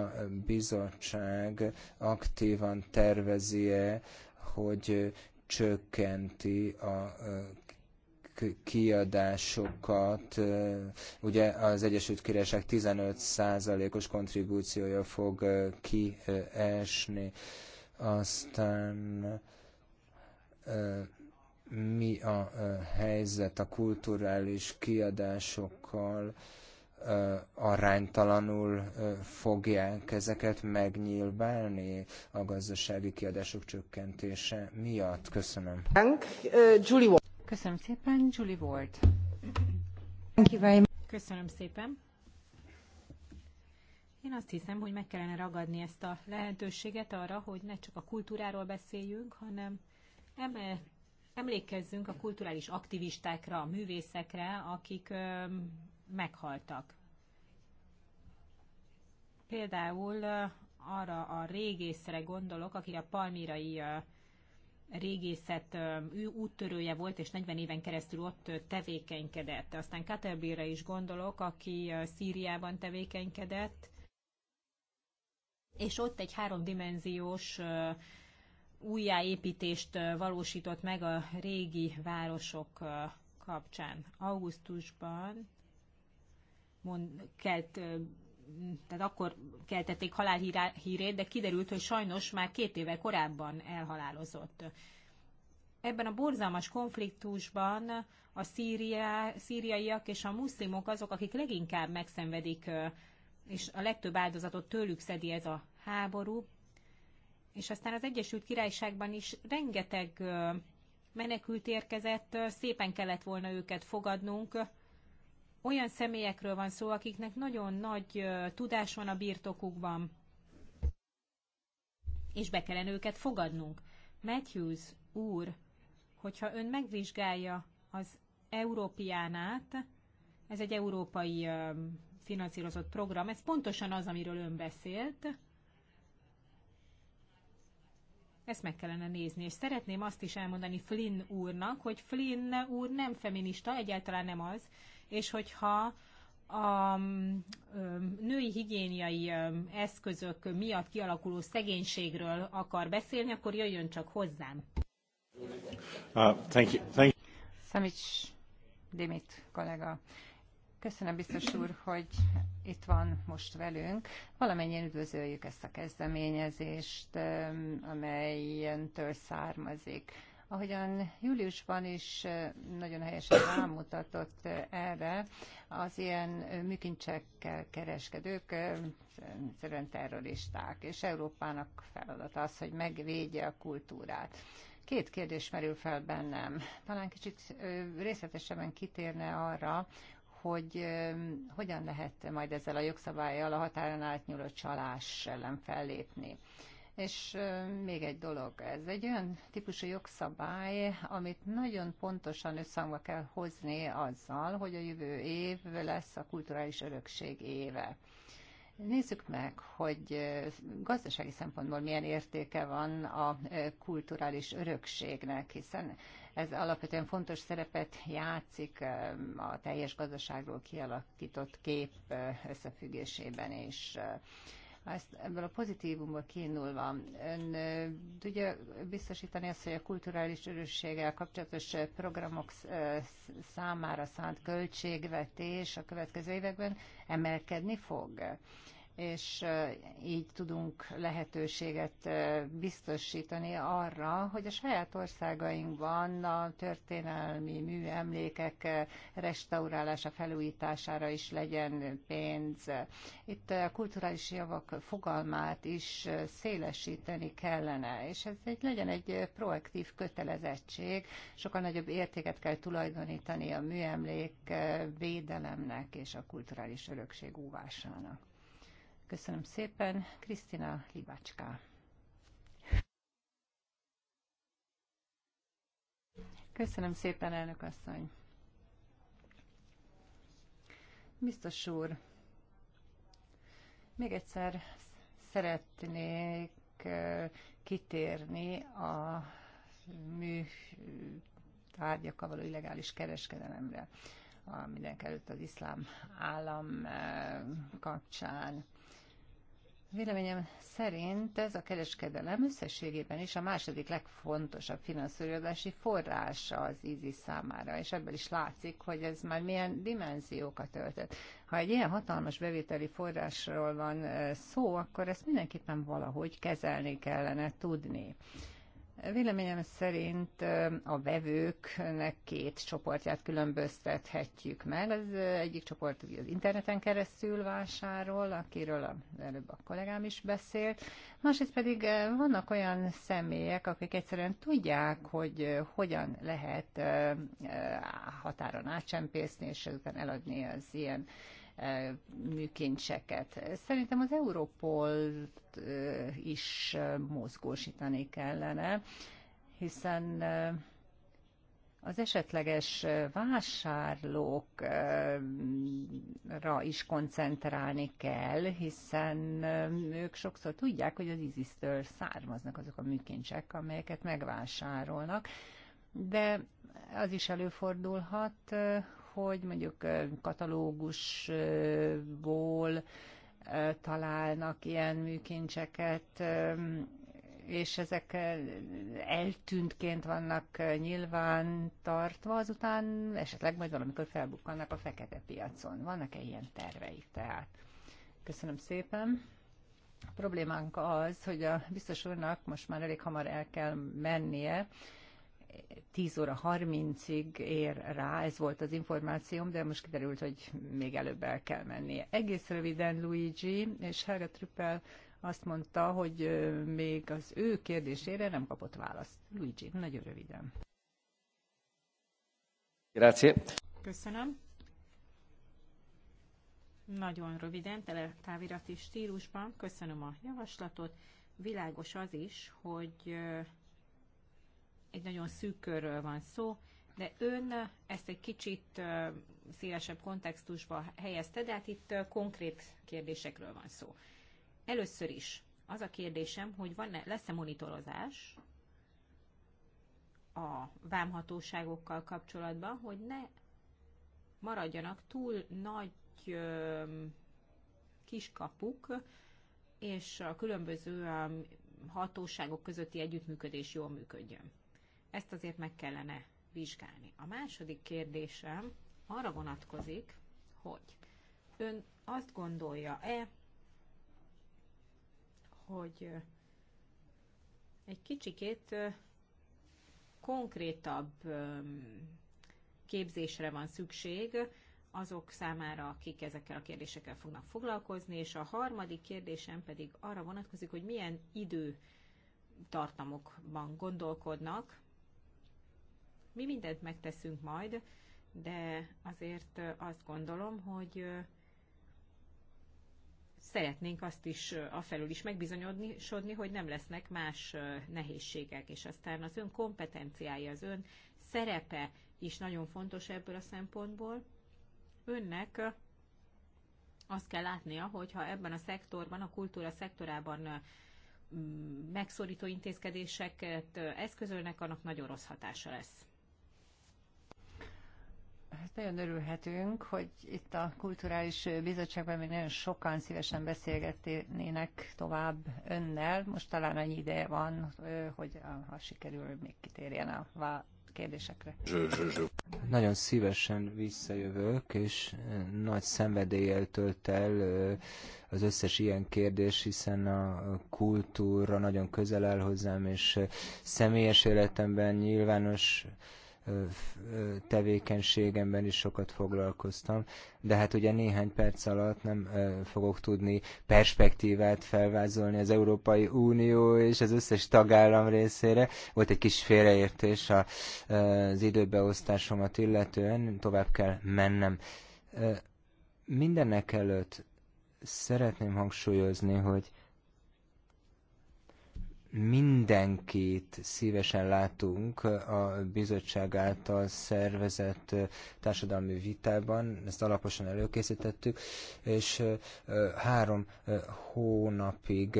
bizottság aktívan tervezi-e, hogy csökkenti a kiadásokat, ugye az Egyesült Királyság 15%-os kontribúciója fog kiesni, aztán mi a helyzet a kulturális kiadásokkal, aránytalanul fogják ezeket megnyilválni a gazdasági kiadások csökkentése miatt? Köszönöm. Julie Köszönöm szépen, Julie Ward. Thank you very much. Köszönöm szépen. Én azt hiszem, hogy meg kellene ragadni ezt a lehetőséget arra, hogy ne csak a kultúráról beszéljünk, hanem eme, emlékezzünk a kulturális aktivistákra, a művészekre, akik ö, meghaltak. Például ö, arra a régészre gondolok, aki a palmírai ö, régészet úttörője volt, és 40 éven keresztül ott tevékenykedett. Aztán Katerbira is gondolok, aki Szíriában tevékenykedett, és ott egy háromdimenziós újjáépítést valósított meg a régi városok kapcsán. Augusztusban mond, kelt tehát akkor keltették halálhírét, de kiderült, hogy sajnos már két éve korábban elhalálozott. Ebben a borzalmas konfliktusban a szíriá, szíriaiak és a muszlimok azok, akik leginkább megszenvedik, és a legtöbb áldozatot tőlük szedi ez a háború. És aztán az Egyesült Királyságban is rengeteg menekült érkezett, szépen kellett volna őket fogadnunk, olyan személyekről van szó, akiknek nagyon nagy tudás van a birtokukban, és be kellene őket fogadnunk. Matthews úr, hogyha ön megvizsgálja az Európiánát, ez egy európai finanszírozott program, ez pontosan az, amiről ön beszélt, ezt meg kellene nézni, és szeretném azt is elmondani Flynn úrnak, hogy Flynn úr nem feminista, egyáltalán nem az, és hogyha a női higiéniai eszközök miatt kialakuló szegénységről akar beszélni, akkor jöjjön csak hozzám. Uh, thank you. Thank you. Szemics Dimit kollega. Köszönöm biztos úr, hogy itt van most velünk. Valamennyien üdvözöljük ezt a kezdeményezést, amely től származik Ahogyan júliusban is nagyon helyesen rámutatott erre, az ilyen műkincsekkel kereskedők szerint terroristák, és Európának feladata az, hogy megvédje a kultúrát. Két kérdés merül fel bennem. Talán kicsit részletesebben kitérne arra, hogy hogyan lehet majd ezzel a jogszabályjal a határon átnyúló csalás ellen fellépni. És még egy dolog, ez egy olyan típusú jogszabály, amit nagyon pontosan összhangba kell hozni azzal, hogy a jövő év lesz a kulturális örökség éve. Nézzük meg, hogy gazdasági szempontból milyen értéke van a kulturális örökségnek, hiszen ez alapvetően fontos szerepet játszik a teljes gazdaságról kialakított kép összefüggésében is. És ezt, ebből a pozitívumból kiindulva, ön tudja biztosítani azt, hogy a kulturális örösséggel kapcsolatos programok számára szánt költségvetés a következő években emelkedni fog? és így tudunk lehetőséget biztosítani arra, hogy a saját országainkban a történelmi műemlékek restaurálása, felújítására is legyen pénz. Itt a kulturális javak fogalmát is szélesíteni kellene, és ez egy, legyen egy proaktív kötelezettség, sokkal nagyobb értéket kell tulajdonítani a műemlék védelemnek és a kulturális örökség óvásának. Köszönöm szépen. Krisztina Libácská. Köszönöm szépen, elnök asszony. Biztos úr, még egyszer szeretnék kitérni a mű tárgyakkal való illegális kereskedelemre, mindenek előtt az iszlám állam kapcsán. Véleményem szerint ez a kereskedelem összességében is a második legfontosabb finanszírozási forrása az ízi számára, és ebből is látszik, hogy ez már milyen dimenziókat öltött. Ha egy ilyen hatalmas bevételi forrásról van szó, akkor ezt mindenképpen valahogy kezelni kellene tudni. Véleményem szerint a vevőknek két csoportját különböztethetjük meg. Az egyik csoport az interneten keresztül vásárol, akiről a, előbb a kollégám is beszélt. Másrészt pedig vannak olyan személyek, akik egyszerűen tudják, hogy hogyan lehet határon átcsempészni, és ezután eladni az ilyen műkincseket. Szerintem az Európol is mozgósítani kellene, hiszen az esetleges vásárlókra is koncentrálni kell, hiszen ők sokszor tudják, hogy az ISIS-től származnak azok a műkincsek, amelyeket megvásárolnak, de az is előfordulhat, hogy mondjuk katalógusból találnak ilyen műkincseket, és ezek eltűntként vannak nyilván tartva, azután esetleg majd valamikor felbukkannak a fekete piacon. Vannak-e ilyen tervei tehát? Köszönöm szépen. A problémánk az, hogy a biztos úrnak most már elég hamar el kell mennie, 10 óra 30-ig ér rá, ez volt az információm, de most kiderült, hogy még előbb el kell mennie. Egész röviden Luigi és Helga Trüppel azt mondta, hogy még az ő kérdésére nem kapott választ. Luigi, nagyon röviden. Grazie. Köszönöm. Nagyon röviden, tele távirati stílusban. Köszönöm a javaslatot. Világos az is, hogy egy nagyon szűk körről van szó, de ön ezt egy kicsit szélesebb kontextusba helyezte, de hát itt konkrét kérdésekről van szó. Először is az a kérdésem, hogy van-e, lesz-e monitorozás a vámhatóságokkal kapcsolatban, hogy ne maradjanak túl nagy kiskapuk, és a különböző hatóságok közötti együttműködés jól működjön. Ezt azért meg kellene vizsgálni. A második kérdésem arra vonatkozik, hogy ön azt gondolja-e, hogy egy kicsikét konkrétabb képzésre van szükség azok számára, akik ezekkel a kérdésekkel fognak foglalkozni, és a harmadik kérdésem pedig arra vonatkozik, hogy milyen idő tartamokban gondolkodnak, mi mindent megteszünk majd, de azért azt gondolom, hogy szeretnénk azt is felül is megbizonyosodni, hogy nem lesznek más nehézségek, és aztán az ön kompetenciája, az ön szerepe is nagyon fontos ebből a szempontból. Önnek azt kell látnia, hogy ha ebben a szektorban, a kultúra szektorában megszorító intézkedéseket eszközölnek, annak nagyon rossz hatása lesz. Hát nagyon örülhetünk, hogy itt a Kulturális Bizottságban még nagyon sokan szívesen beszélgetnének tovább önnel. Most talán annyi ideje van, hogy ha sikerül, még kitérjen a kérdésekre. Nagyon szívesen visszajövök, és nagy szenvedéllyel tölt el az összes ilyen kérdés, hiszen a kultúra nagyon közel áll hozzám, és személyes életemben nyilvános tevékenységemben is sokat foglalkoztam, de hát ugye néhány perc alatt nem fogok tudni perspektívát felvázolni az Európai Unió és az összes tagállam részére. Volt egy kis félreértés az időbeosztásomat illetően, tovább kell mennem. Mindenek előtt szeretném hangsúlyozni, hogy mindenkit szívesen látunk a bizottság által szervezett társadalmi vitában, ezt alaposan előkészítettük, és három hónapig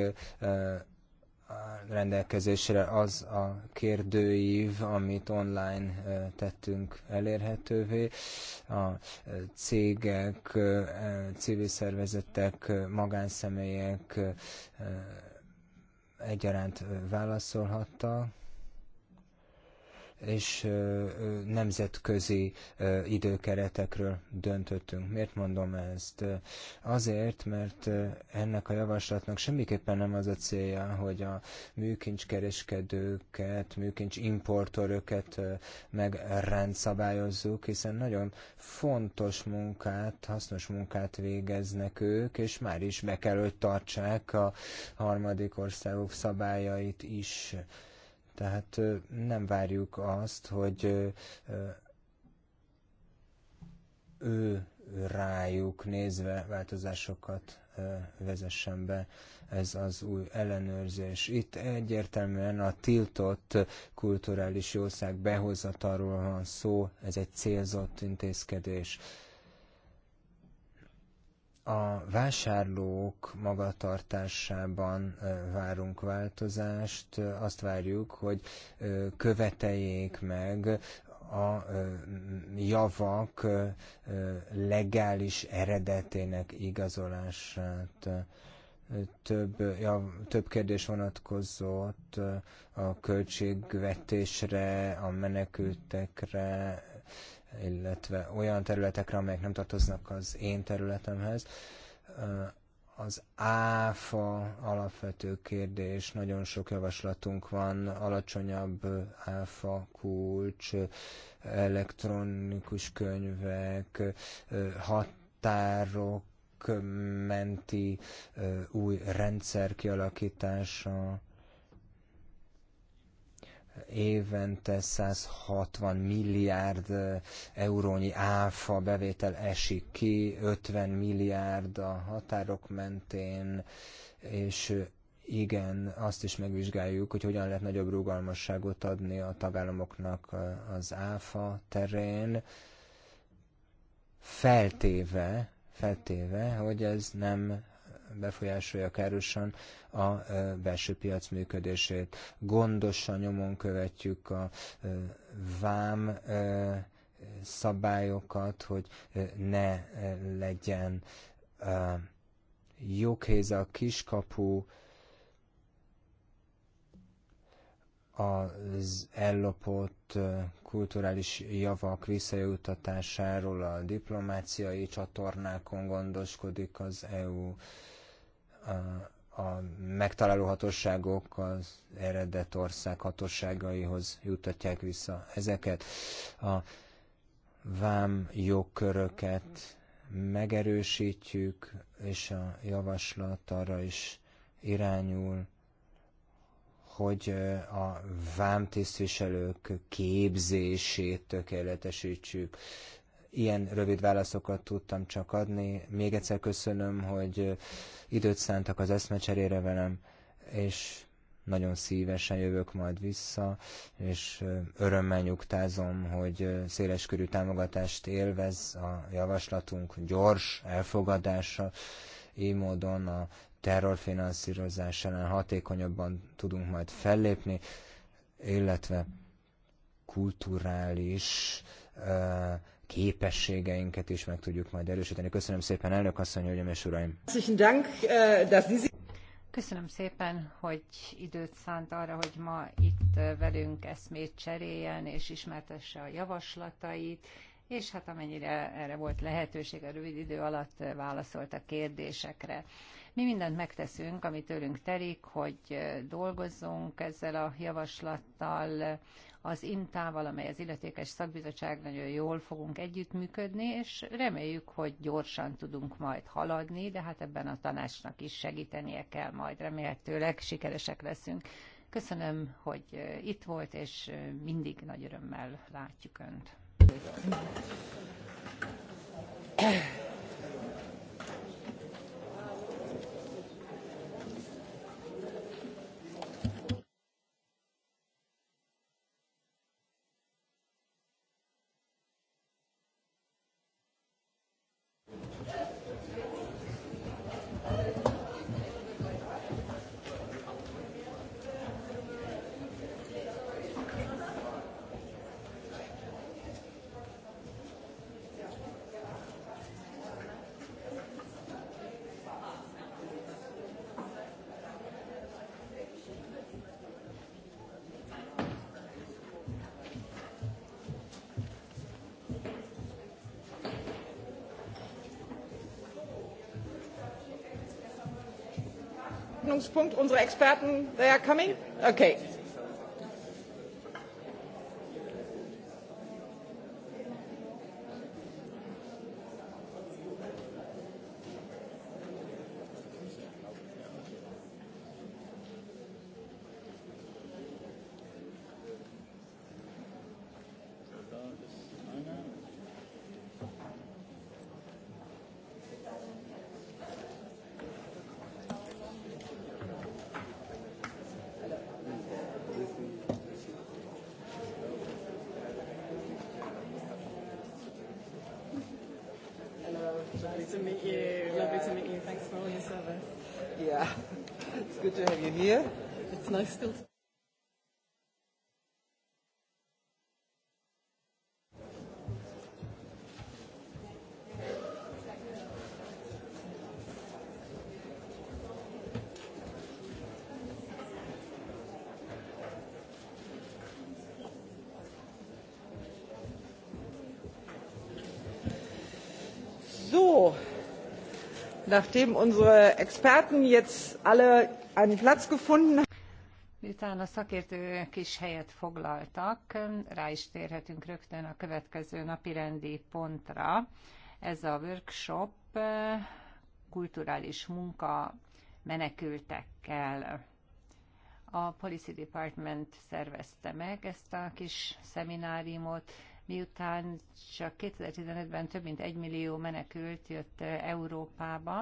rendelkezésre az a kérdőív, amit online tettünk elérhetővé. A cégek, civil szervezetek, magánszemélyek egyaránt válaszolhatta és nemzetközi időkeretekről döntöttünk. Miért mondom ezt? Azért, mert ennek a javaslatnak semmiképpen nem az a célja, hogy a műkincskereskedőket, műkincsimportőröket megrendszabályozzuk, hiszen nagyon fontos munkát, hasznos munkát végeznek ők, és már is be kell, hogy tartsák a harmadik országok szabályait is tehát nem várjuk azt, hogy ő rájuk nézve változásokat vezessen be ez az új ellenőrzés. Itt egyértelműen a tiltott kulturális jószág behozatáról van szó, ez egy célzott intézkedés a vásárlók magatartásában várunk változást, azt várjuk, hogy követeljék meg a javak legális eredetének igazolását. Több, ja, több kérdés vonatkozott a költségvetésre, a menekültekre, illetve olyan területekre, amelyek nem tartoznak az én területemhez. Az áfa alapvető kérdés, nagyon sok javaslatunk van, alacsonyabb áfa kulcs, elektronikus könyvek, határok, menti új rendszer kialakítása, évente 160 milliárd eurónyi áfa bevétel esik ki, 50 milliárd a határok mentén, és igen, azt is megvizsgáljuk, hogy hogyan lehet nagyobb rugalmasságot adni a tagállamoknak az áfa terén, feltéve, feltéve, hogy ez nem befolyásolja károsan a e, belső piac működését. Gondosan nyomon követjük a e, vám e, szabályokat, hogy ne legyen joghéz a kiskapu, az ellopott kulturális javak visszajuttatásáról a diplomáciai csatornákon gondoskodik az EU a megtaláló hatóságok az eredet ország hatóságaihoz juttatják vissza ezeket. A vám jogköröket megerősítjük, és a javaslat arra is irányul, hogy a tisztviselők képzését tökéletesítsük. Ilyen rövid válaszokat tudtam csak adni. Még egyszer köszönöm, hogy időt szántak az eszmecserére velem, és nagyon szívesen jövök majd vissza, és örömmel nyugtázom, hogy széleskörű támogatást élvez a javaslatunk gyors elfogadása, így módon a terrorfinanszírozás ellen hatékonyabban tudunk majd fellépni, illetve kulturális uh, képességeinket is meg tudjuk majd erősíteni. Köszönöm szépen, elnök asszony, hölgyeim és uraim! Äh, Köszönöm szépen, hogy időt szánt arra, hogy ma itt äh, velünk eszmét cseréljen és ismertesse a javaslatait, és hát amennyire erre volt lehetőség, a rövid idő alatt äh, válaszolt a kérdésekre. Mi mindent megteszünk, ami tőlünk telik, hogy dolgozzunk ezzel a javaslattal, az INTA-val, amely az illetékes szakbizottság nagyon jól fogunk együttműködni, és reméljük, hogy gyorsan tudunk majd haladni, de hát ebben a tanácsnak is segítenie kell majd, remélhetőleg sikeresek leszünk. Köszönöm, hogy itt volt, és mindig nagy örömmel látjuk Önt. Tagesordnungspunkt. Unsere Experten, they are coming? Okay. to meet you. Lovely to meet you. Thanks for all your service. Yeah, it's good to have you here. It's nice still to nachdem unsere Experten jetzt alle einen Platz gefunden haben, Miután a szakértők is helyet foglaltak, rá is térhetünk rögtön a következő napi rendi pontra. Ez a workshop eh, kulturális munka menekültekkel. A Policy Department szervezte meg ezt a kis szemináriumot, miután csak 2015-ben több mint egy millió menekült jött eh, Európába.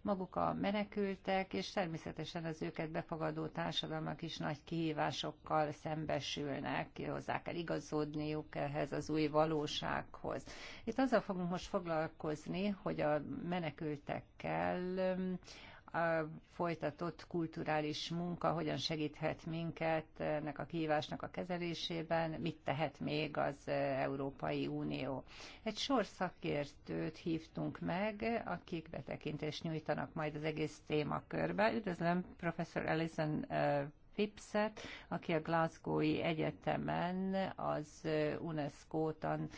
Maguk a menekültek, és természetesen az őket befogadó társadalmak is nagy kihívásokkal szembesülnek, hozzá kell igazodniuk ehhez az új valósághoz. Itt azzal fogunk most foglalkozni, hogy a menekültekkel folytatott kulturális munka hogyan segíthet minket ennek a kihívásnak a kezelésében, mit tehet még az Európai Unió. Egy sor szakértőt hívtunk meg, akik betekintést nyújtanak majd az egész témakörbe. Üdvözlöm professzor Alison eh, Phipps-et, aki a Glasgowi Egyetemen az UNESCO-tan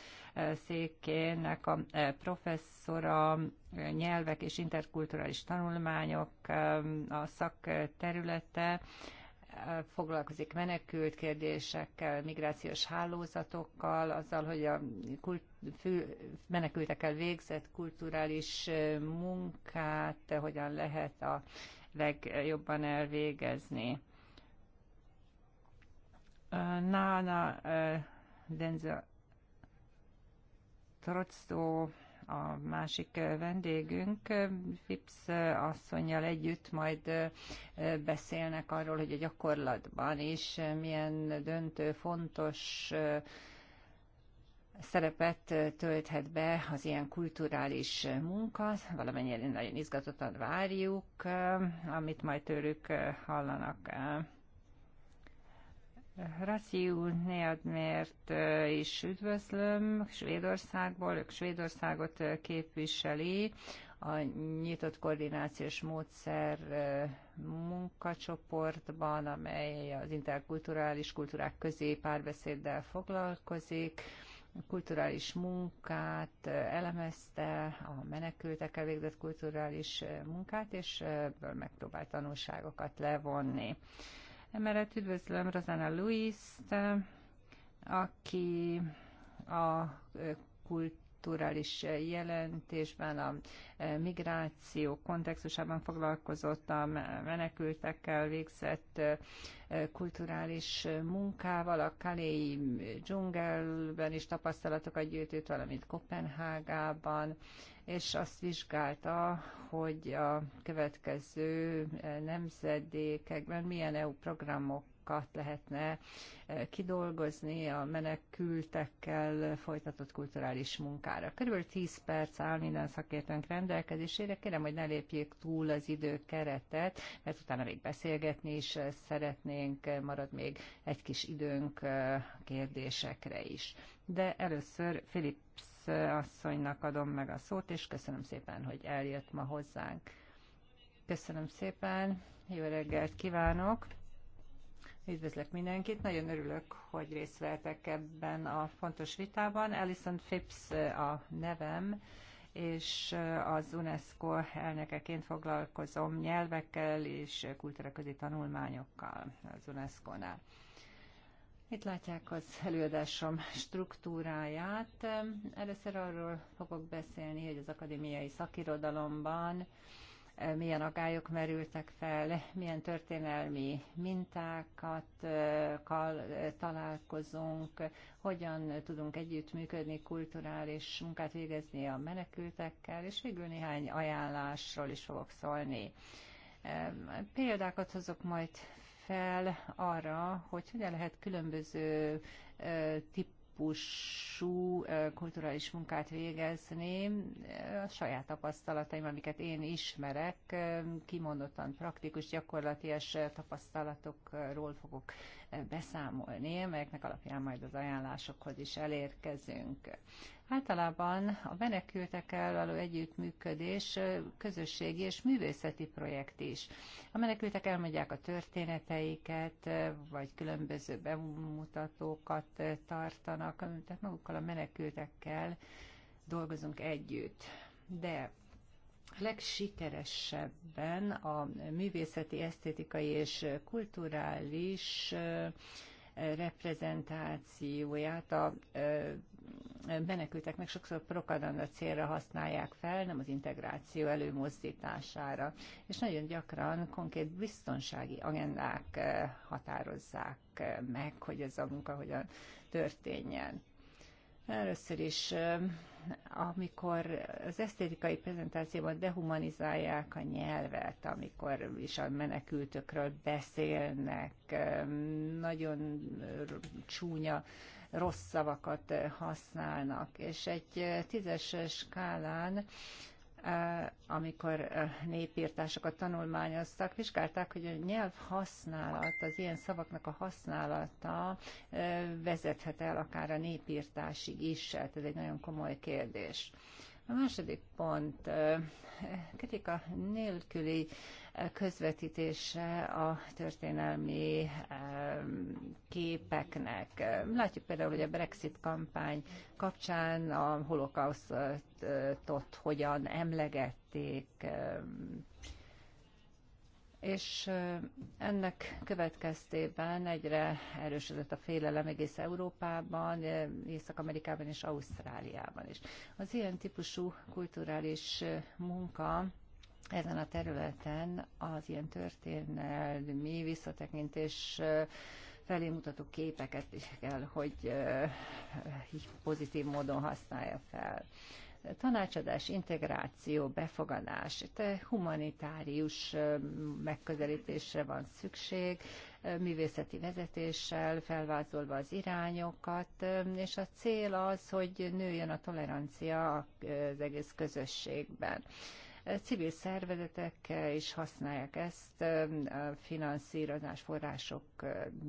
székének a professzora, nyelvek és interkulturális tanulmányok a szakterülete, foglalkozik menekült kérdésekkel, migrációs hálózatokkal, azzal, hogy a kult, fő, menekültekkel végzett kulturális munkát hogyan lehet a legjobban elvégezni. Nána e, Denza Troctó a másik vendégünk, Fips asszonyjal együtt majd e, beszélnek arról, hogy a gyakorlatban is milyen döntő, fontos e, szerepet tölthet be az ilyen kulturális munka, valamennyire nagyon izgatottan várjuk, amit majd tőlük hallanak úrnéad, mert is üdvözlöm Svédországból, ők Svédországot képviseli, a nyitott koordinációs módszer munkacsoportban, amely az interkulturális kultúrák közé párbeszéddel foglalkozik, kulturális munkát elemezte, a menekültekkel végzett kulturális munkát, és ebből megpróbált tanulságokat levonni. Emellett üdvözlöm Rosanna Luis-t, aki a kult kulturális jelentésben, a e, migráció kontextusában foglalkozott, a menekültekkel végzett e, e, kulturális munkával, a Kaléi dzsungelben is tapasztalatokat gyűjtött, valamint Kopenhágában, és azt vizsgálta, hogy a következő nemzedékekben milyen EU programok programokat lehetne eh, kidolgozni a menekültekkel folytatott kulturális munkára. Körülbelül 10 perc áll minden szakértőnk rendelkezésére. Kérem, hogy ne lépjék túl az időkeretet, mert utána még beszélgetni is eh, szeretnénk, eh, marad még egy kis időnk kérdésekre is. De először Philips asszonynak adom meg a szót, és köszönöm szépen, hogy eljött ma hozzánk. Köszönöm szépen, jó reggelt kívánok! Üdvözlök mindenkit, nagyon örülök, hogy részt vettek ebben a fontos vitában. Alison Phipps a nevem, és az UNESCO elnökeként foglalkozom nyelvekkel és kultúraközi tanulmányokkal az UNESCO-nál. Itt látják az előadásom struktúráját. Először arról fogok beszélni, hogy az akadémiai szakirodalomban milyen agályok merültek fel, milyen történelmi mintákat találkozunk, hogyan tudunk együttműködni, kulturális munkát végezni a menekültekkel, és végül néhány ajánlásról is fogok szólni. Példákat hozok majd fel arra, hogy hogyan lehet különböző típ típusú kulturális munkát végezni. A saját tapasztalataim, amiket én ismerek, kimondottan praktikus, gyakorlatias tapasztalatokról fogok beszámolni, melyeknek alapján majd az ajánlásokhoz is elérkezünk. Általában a menekültekkel való együttműködés közösségi és művészeti projekt is. A menekültek elmondják a történeteiket, vagy különböző bemutatókat tartanak, tehát magukkal a menekültekkel dolgozunk együtt. De legsikeresebben a művészeti, esztétikai és kulturális reprezentációját a menekültek meg sokszor propaganda célra használják fel, nem az integráció előmozdítására. És nagyon gyakran konkrét biztonsági agendák eh, határozzák eh, meg, hogy ez a munka hogyan történjen. Először is, eh, amikor az esztétikai prezentációban dehumanizálják a nyelvet, amikor is a menekültökről beszélnek, nagyon csúnya rossz szavakat eh, használnak. És egy eh, tízes skálán eh, amikor népírtásokat tanulmányoztak, vizsgálták, hogy a nyelv használat, az ilyen szavaknak a használata vezethet el akár a népírtásig is, tehát ez egy nagyon komoly kérdés. A második pont, kritika nélküli közvetítése a történelmi képeknek. Látjuk például, hogy a Brexit kampány kapcsán a holokausztot hogyan emlegették, és ennek következtében egyre erősödött a félelem egész Európában, Észak-Amerikában és Ausztráliában is. Az ilyen típusú kulturális munka ezen a területen az ilyen történelmi visszatekintés felé mutató képeket is kell, hogy pozitív módon használja fel. Tanácsadás, integráció, befogadás, itt humanitárius megközelítésre van szükség, művészeti vezetéssel, felvázolva az irányokat, és a cél az, hogy nőjön a tolerancia az egész közösségben Civil szervezetek is használják ezt a finanszírozás források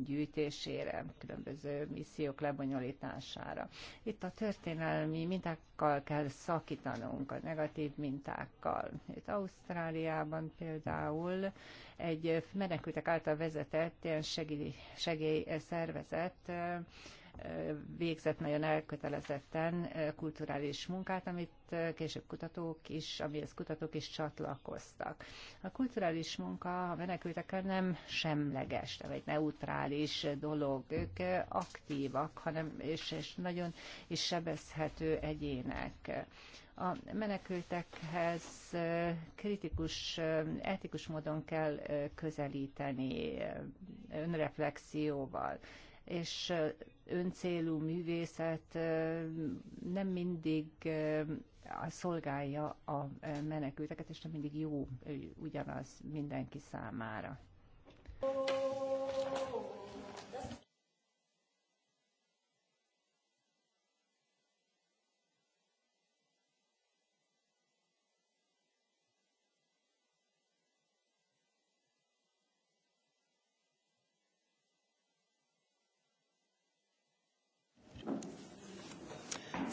gyűjtésére, különböző missziók lebonyolítására. Itt a történelmi mintákkal kell szakítanunk, a negatív mintákkal. Itt Ausztráliában például egy menekültek által vezetett ilyen segély, szervezet, végzett nagyon elkötelezetten kulturális munkát, amit később kutatók is, amihez kutatók is csatlakoztak. A kulturális munka a menekültekkel nem semleges, nem egy neutrális dolog, ők aktívak, hanem és, és nagyon is sebezhető egyének a menekültekhez kritikus, etikus módon kell közelíteni önreflexióval és öncélú művészet nem mindig szolgálja a menekülteket, és nem mindig jó ugyanaz mindenki számára.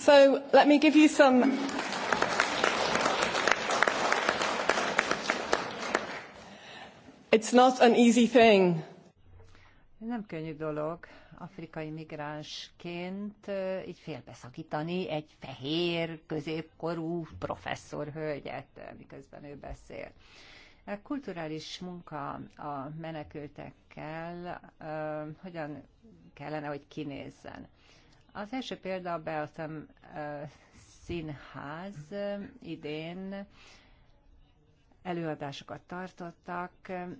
So let me give you some It's not an easy thing. Nem könnyű dolog afrikai migránsként így félbeszakítani egy fehér, középkorú professzor hölgyet, miközben ő beszél. A kulturális munka a menekültekkel hogyan kellene, hogy kinézzen? Az első példa a Beltem Színház idén előadásokat tartottak,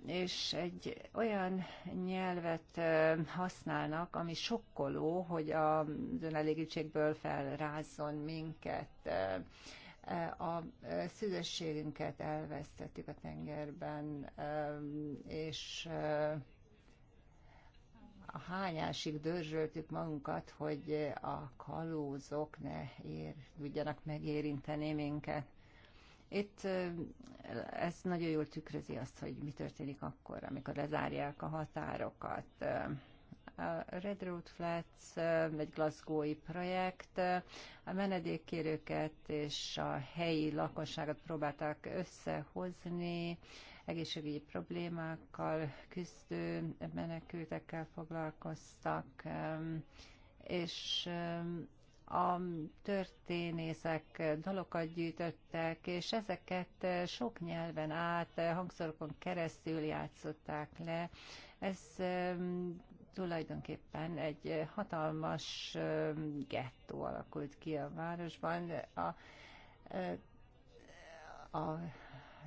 és egy olyan nyelvet használnak, ami sokkoló, hogy a önelégítségből felrázzon minket. A szüzességünket elvesztettük a tengerben, és a hányásig dörzsöltük magunkat, hogy a kalózok ne ér, tudjanak megérinteni minket. Itt ez nagyon jól tükrözi azt, hogy mi történik akkor, amikor lezárják a határokat. A Red Road Flats egy glasgowi projekt. A menedékkérőket és a helyi lakosságot próbálták összehozni, egészségügyi problémákkal küzdő menekültekkel foglalkoztak, és a történészek dalokat gyűjtöttek, és ezeket sok nyelven át, hangszorokon keresztül játszották le. Ez tulajdonképpen egy hatalmas gettó alakult ki a városban. A, a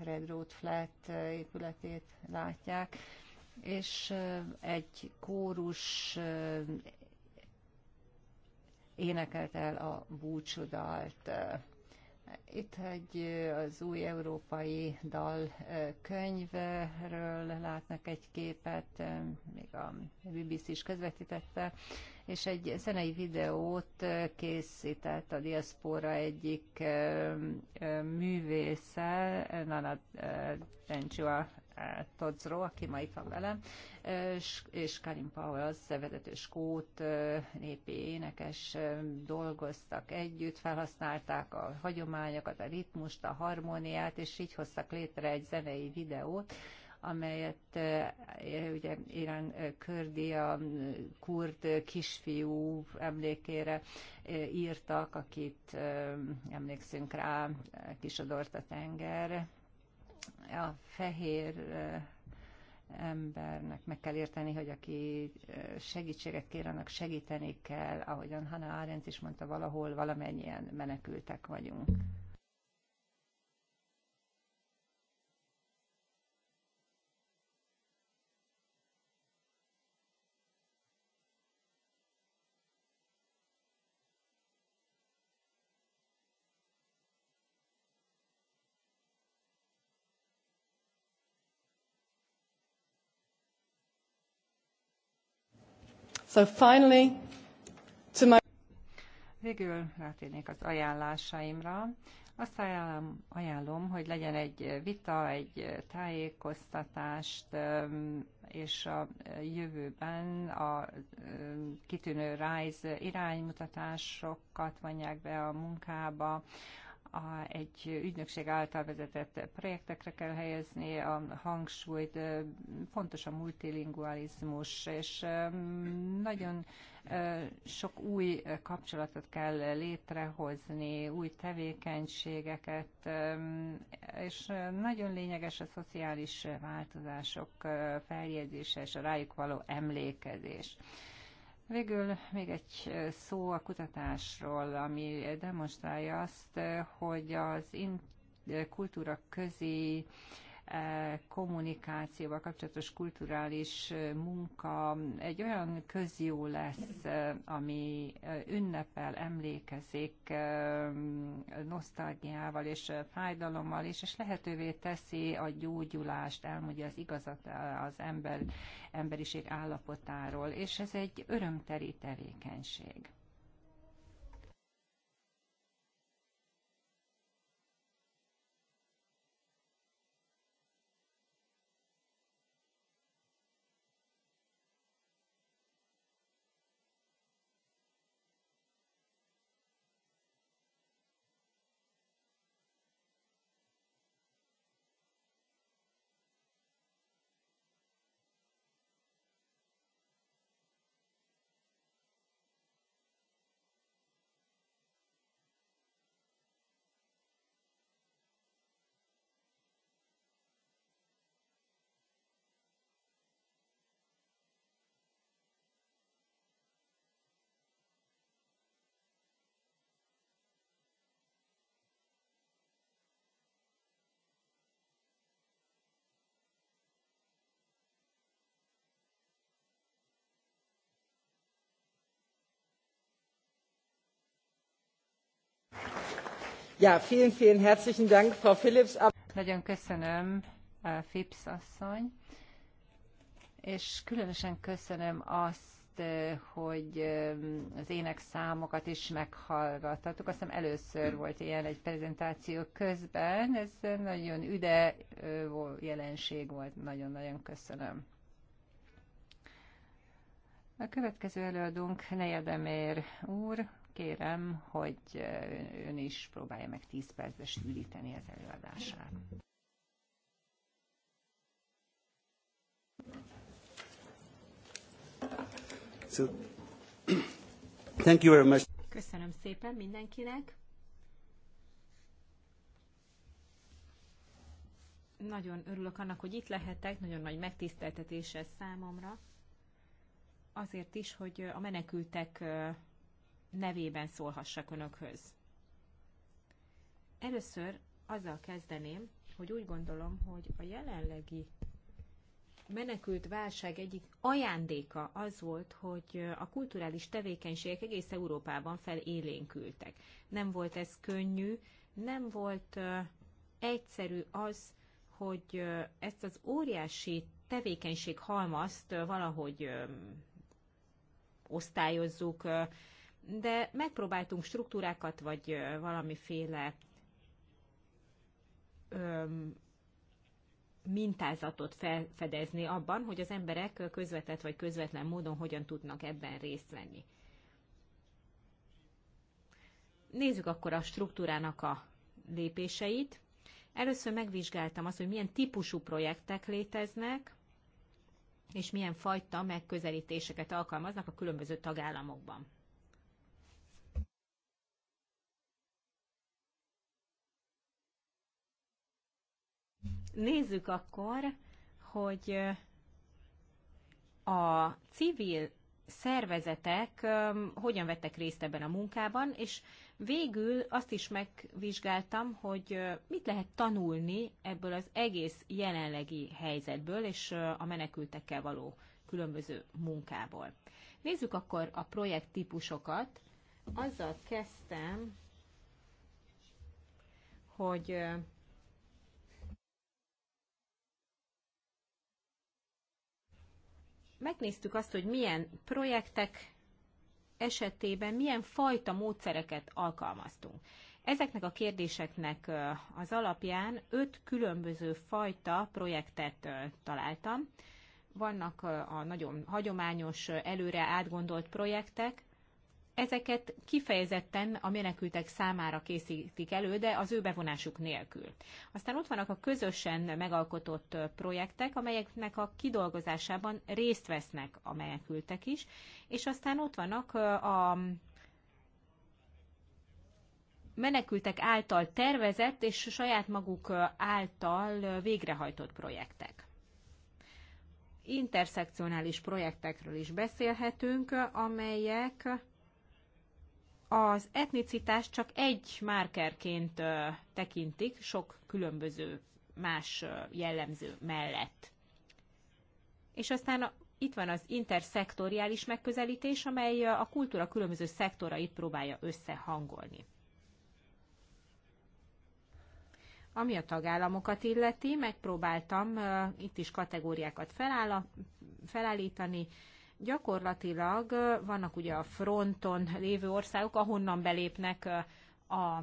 Red Road Flat eh, épületét látják, és eh, egy kórus eh, énekelt el a búcsúdalt. Itt egy az új európai dal könyvről látnak egy képet, még a BBC is közvetítette, és egy zenei videót készített a diaszpora egyik művésze, Nana Tencsua Todzro, aki ma itt van velem, és Karin Powell, szervezető skót népi énekes dolgoztak együtt, felhasználták a hagyományokat, a ritmust, a harmóniát, és így hoztak létre egy zenei videót, amelyet ugye Irán Kördi, a kurd kisfiú emlékére írtak, akit emlékszünk rá, kisodort a tenger, a fehér embernek meg kell érteni, hogy aki segítséget kér, annak segíteni kell, ahogyan Hannah Arendt is mondta, valahol valamennyien menekültek vagyunk. finally, to my... Végül rátérnék az ajánlásaimra. Azt ajánlom, ajánlom, hogy legyen egy vita, egy tájékoztatást, és a jövőben a kitűnő RISE iránymutatásokat vonják be a munkába, a, egy ügynökség által vezetett projektekre kell helyezni a hangsúlyt, fontos a multilingualizmus, és nagyon sok új kapcsolatot kell létrehozni, új tevékenységeket, és nagyon lényeges a szociális változások feljegyzése és a rájuk való emlékezés. Végül még egy szó a kutatásról, ami demonstrálja azt, hogy az in- kultúra közé kommunikációval kapcsolatos kulturális munka egy olyan közjó lesz, ami ünnepel, emlékezik nosztalgiával és fájdalommal is, és lehetővé teszi a gyógyulást, elmondja az igazat az ember, emberiség állapotáról, és ez egy örömteri tevékenység. vielen, vielen herzlichen Dank, Frau Philips. Nagyon köszönöm, FIPS eh, asszony, és különösen köszönöm azt, eh, hogy az ének számokat is meghallgattattuk. Azt hiszem először volt ilyen egy prezentáció közben, ez nagyon üde jelenség volt, nagyon-nagyon köszönöm. A következő előadónk Nejedemér úr, kérem, hogy eh, ön is próbálja meg 10 percbe sűríteni az előadását. So, [CLEARS THROAT] thank you very much. Köszönöm szépen mindenkinek. Nagyon örülök annak, hogy itt lehetek, nagyon nagy megtiszteltetés ez számomra. Azért is, hogy a menekültek eh, nevében szólhassak önökhöz. Először azzal kezdeném, hogy úgy gondolom, hogy a jelenlegi menekült válság egyik ajándéka az volt, hogy a kulturális tevékenységek egész Európában felélénkültek. Nem volt ez könnyű, nem volt egyszerű az, hogy ezt az óriási tevékenység halmazt valahogy osztályozzuk, de megpróbáltunk struktúrákat, vagy valamiféle öm, mintázatot felfedezni abban, hogy az emberek közvetett vagy közvetlen módon hogyan tudnak ebben részt venni. Nézzük akkor a struktúrának a lépéseit. Először megvizsgáltam azt, hogy milyen típusú projektek léteznek, és milyen fajta megközelítéseket alkalmaznak a különböző tagállamokban. nézzük akkor, hogy a civil szervezetek hogyan vettek részt ebben a munkában, és végül azt is megvizsgáltam, hogy mit lehet tanulni ebből az egész jelenlegi helyzetből és a menekültekkel való különböző munkából. Nézzük akkor a projekt típusokat. Azzal kezdtem, hogy megnéztük azt, hogy milyen projektek esetében milyen fajta módszereket alkalmaztunk. Ezeknek a kérdéseknek az alapján öt különböző fajta projektet találtam. Vannak a nagyon hagyományos, előre átgondolt projektek, ezeket kifejezetten a menekültek számára készítik elő, de az ő bevonásuk nélkül. Aztán ott vannak a közösen megalkotott projektek, amelyeknek a kidolgozásában részt vesznek a menekültek is, és aztán ott vannak a menekültek által tervezett és saját maguk által végrehajtott projektek interszekcionális projektekről is beszélhetünk, amelyek az etnicitás csak egy márkerként tekintik, sok különböző más jellemző mellett. És aztán a, itt van az interszektoriális megközelítés, amely a kultúra különböző szektorait próbálja összehangolni. Ami a tagállamokat illeti, megpróbáltam itt is kategóriákat felállítani, Gyakorlatilag vannak ugye a fronton lévő országok, ahonnan belépnek a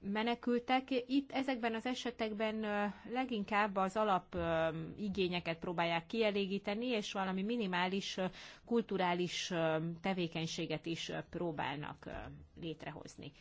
menekültek. Itt ezekben az esetekben leginkább az alap igényeket próbálják kielégíteni, és valami minimális kulturális tevékenységet is próbálnak létrehozni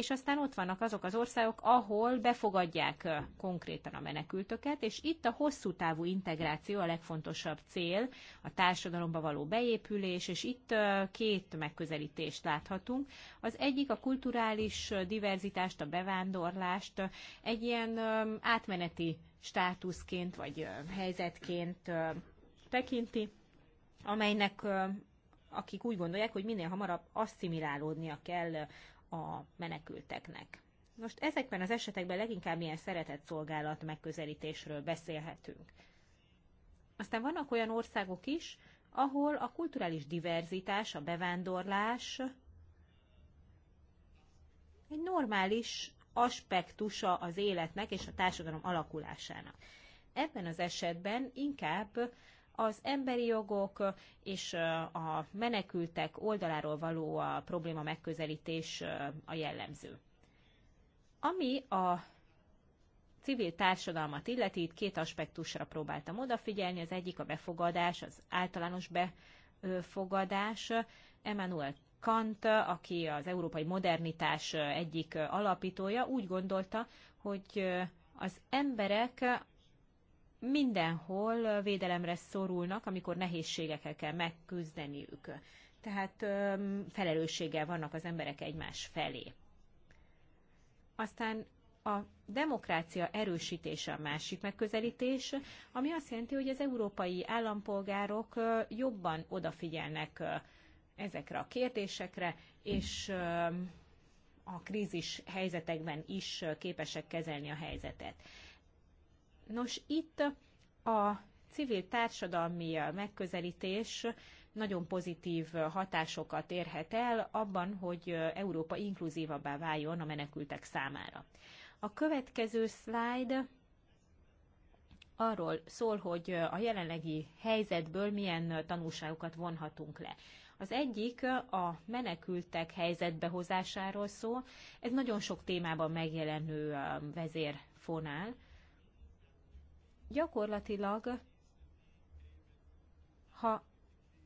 és aztán ott vannak azok az országok, ahol befogadják konkrétan a menekültöket, és itt a hosszú távú integráció a legfontosabb cél, a társadalomba való beépülés, és itt két megközelítést láthatunk. Az egyik a kulturális diverzitást, a bevándorlást egy ilyen átmeneti státuszként vagy helyzetként tekinti, amelynek akik úgy gondolják, hogy minél hamarabb asszimilálódnia kell a menekülteknek. Most ezekben az esetekben leginkább ilyen szeretett szolgálat megközelítésről beszélhetünk. Aztán vannak olyan országok is, ahol a kulturális diverzitás, a bevándorlás egy normális aspektusa az életnek és a társadalom alakulásának. Ebben az esetben inkább az emberi jogok és a menekültek oldaláról való a probléma megközelítés a jellemző. Ami a civil társadalmat illeti, itt két aspektusra próbáltam odafigyelni, az egyik a befogadás, az általános befogadás. Emmanuel Kant, aki az európai modernitás egyik alapítója, úgy gondolta, hogy az emberek mindenhol védelemre szorulnak, amikor nehézségekkel kell megküzdeniük. Tehát felelősséggel vannak az emberek egymás felé. Aztán a demokrácia erősítése a másik megközelítés, ami azt jelenti, hogy az európai állampolgárok jobban odafigyelnek ezekre a kérdésekre, és a krízis helyzetekben is képesek kezelni a helyzetet. Nos, itt a civil társadalmi megközelítés nagyon pozitív hatásokat érhet el abban, hogy Európa inkluzívabbá váljon a menekültek számára. A következő szlájd arról szól, hogy a jelenlegi helyzetből milyen tanulságokat vonhatunk le. Az egyik a menekültek helyzetbe hozásáról szól. Ez nagyon sok témában megjelenő um, vezérfonál gyakorlatilag, ha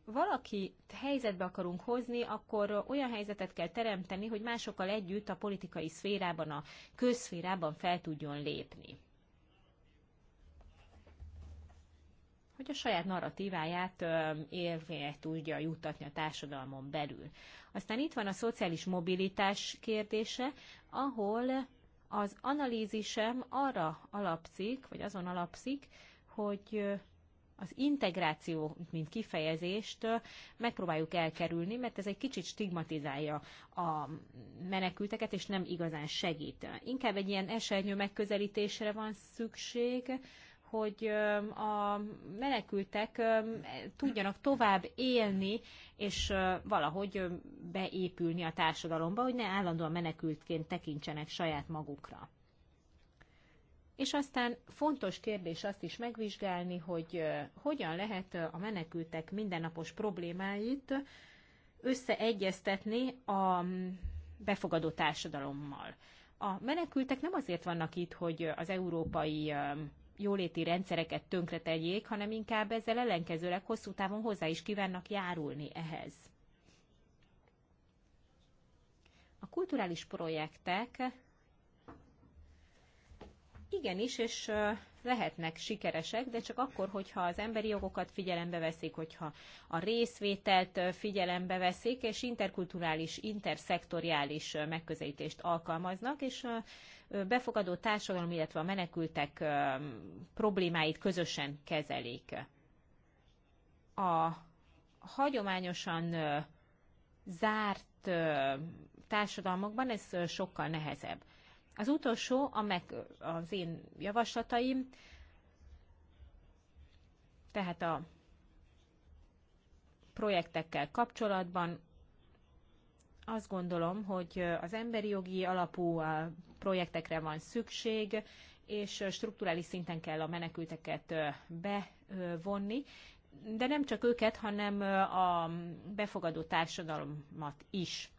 valaki helyzetbe akarunk hozni, akkor olyan helyzetet kell teremteni, hogy másokkal együtt a politikai szférában, a közszférában fel tudjon lépni. Hogy a saját narratíváját érvényre tudja juttatni a társadalmon belül. Aztán itt van a szociális mobilitás kérdése, ahol az analízisem arra alapszik, vagy azon alapszik, hogy az integráció, mint kifejezést megpróbáljuk elkerülni, mert ez egy kicsit stigmatizálja a menekülteket, és nem igazán segít. Inkább egy ilyen esernyő megközelítésre van szükség, hogy a menekültek tudjanak tovább élni, és valahogy beépülni a társadalomba, hogy ne állandóan menekültként tekintsenek saját magukra. És aztán fontos kérdés azt is megvizsgálni, hogy hogyan lehet a menekültek mindennapos problémáit összeegyeztetni a befogadó társadalommal. A menekültek nem azért vannak itt, hogy az európai jóléti rendszereket tönkretegyék, hanem inkább ezzel ellenkezőleg hosszú távon hozzá is kívánnak járulni ehhez. A kulturális projektek igenis, és lehetnek sikeresek, de csak akkor, hogyha az emberi jogokat figyelembe veszik, hogyha a részvételt figyelembe veszik, és interkulturális, interszektoriális megközelítést alkalmaznak, és befogadó társadalom, illetve a menekültek problémáit közösen kezelik. A hagyományosan zárt társadalmakban ez sokkal nehezebb. Az utolsó, meg, az én javaslataim, tehát a projektekkel kapcsolatban azt gondolom, hogy az emberi jogi alapú projektekre van szükség, és strukturális szinten kell a menekülteket bevonni, de nem csak őket, hanem a befogadó társadalmat is.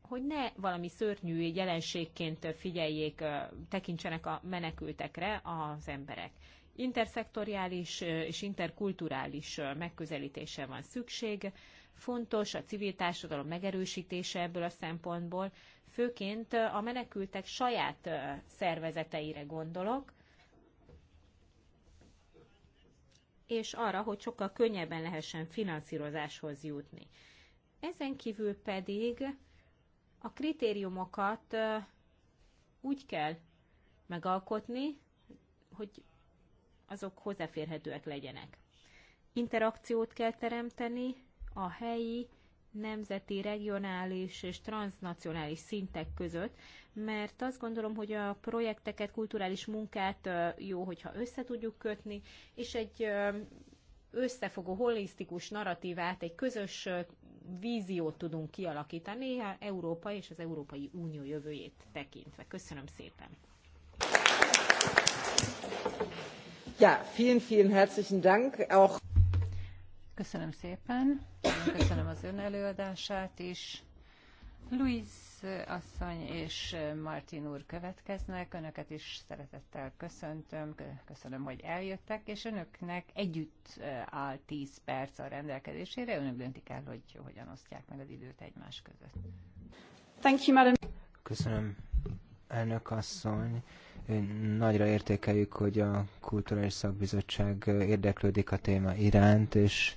Hogy ne valami szörnyű jelenségként figyeljék, tekintsenek a menekültekre az emberek. Interszektoriális és interkulturális megközelítése van szükség, fontos a civil társadalom megerősítése ebből a szempontból, főként a menekültek saját szervezeteire gondolok, és arra, hogy sokkal könnyebben lehessen finanszírozáshoz jutni. Ezen kívül pedig a kritériumokat úgy kell megalkotni, hogy azok hozzáférhetőek legyenek. Interakciót kell teremteni a helyi nemzeti, regionális és transnacionális szintek között, mert azt gondolom, hogy a projekteket, kulturális munkát jó, hogyha össze tudjuk kötni, és egy összefogó, holisztikus narratívát, egy közös víziót tudunk kialakítani Európa és az Európai Unió jövőjét tekintve. Köszönöm szépen! Ja, vielen, vielen herzlichen Dank auch. Köszönöm szépen, köszönöm az ön előadását is. Luis asszony és Martin úr következnek. Önöket is szeretettel köszöntöm, köszönöm, hogy eljöttek, és önöknek együtt áll 10 perc a rendelkezésére. Önök döntik el, hogy hogyan osztják meg az időt egymás között. Thank you, madam. Köszönöm, elnök asszony. Nagyra értékeljük, hogy a Kulturális Szakbizottság érdeklődik a téma iránt, és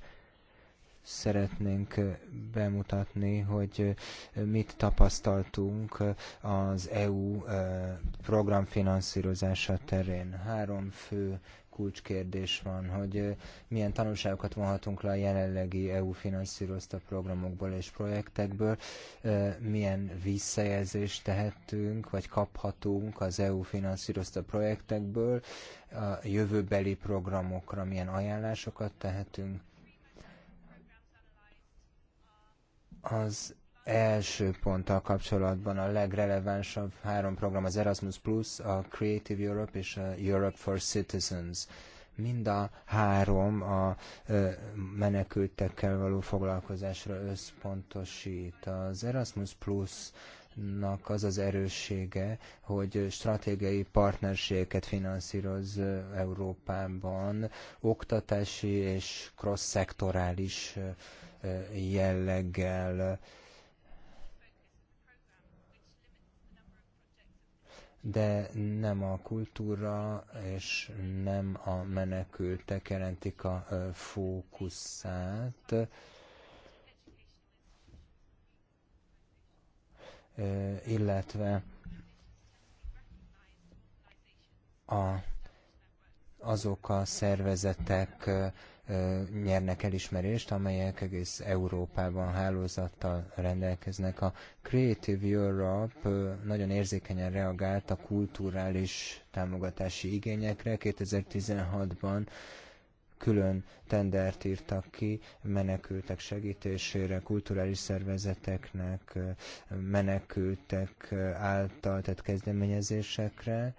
szeretnénk bemutatni, hogy mit tapasztaltunk az EU programfinanszírozása terén. Három fő kulcskérdés van, hogy milyen tanulságokat vonhatunk le a jelenlegi EU finanszírozta programokból és projektekből, milyen visszajelzést tehetünk, vagy kaphatunk az EU finanszírozta projektekből, a jövőbeli programokra milyen ajánlásokat tehetünk, Az első ponttal kapcsolatban a legrelevánsabb három program az Erasmus Plus, a Creative Europe és a Europe for Citizens. Mind a három a menekültekkel való foglalkozásra összpontosít. Az Erasmus Plus nak az az erőssége, hogy stratégiai partnerségeket finanszíroz Európában, oktatási és cross-szektorális jelleggel. de nem a kultúra és nem a menekültek jelentik a fókuszát. illetve a, azok a szervezetek, nyernek elismerést, amelyek egész Európában hálózattal rendelkeznek. A Creative Europe nagyon érzékenyen reagált a kulturális támogatási igényekre. 2016-ban külön tendert írtak ki menekültek segítésére, kulturális szervezeteknek, menekültek által tett kezdeményezésekre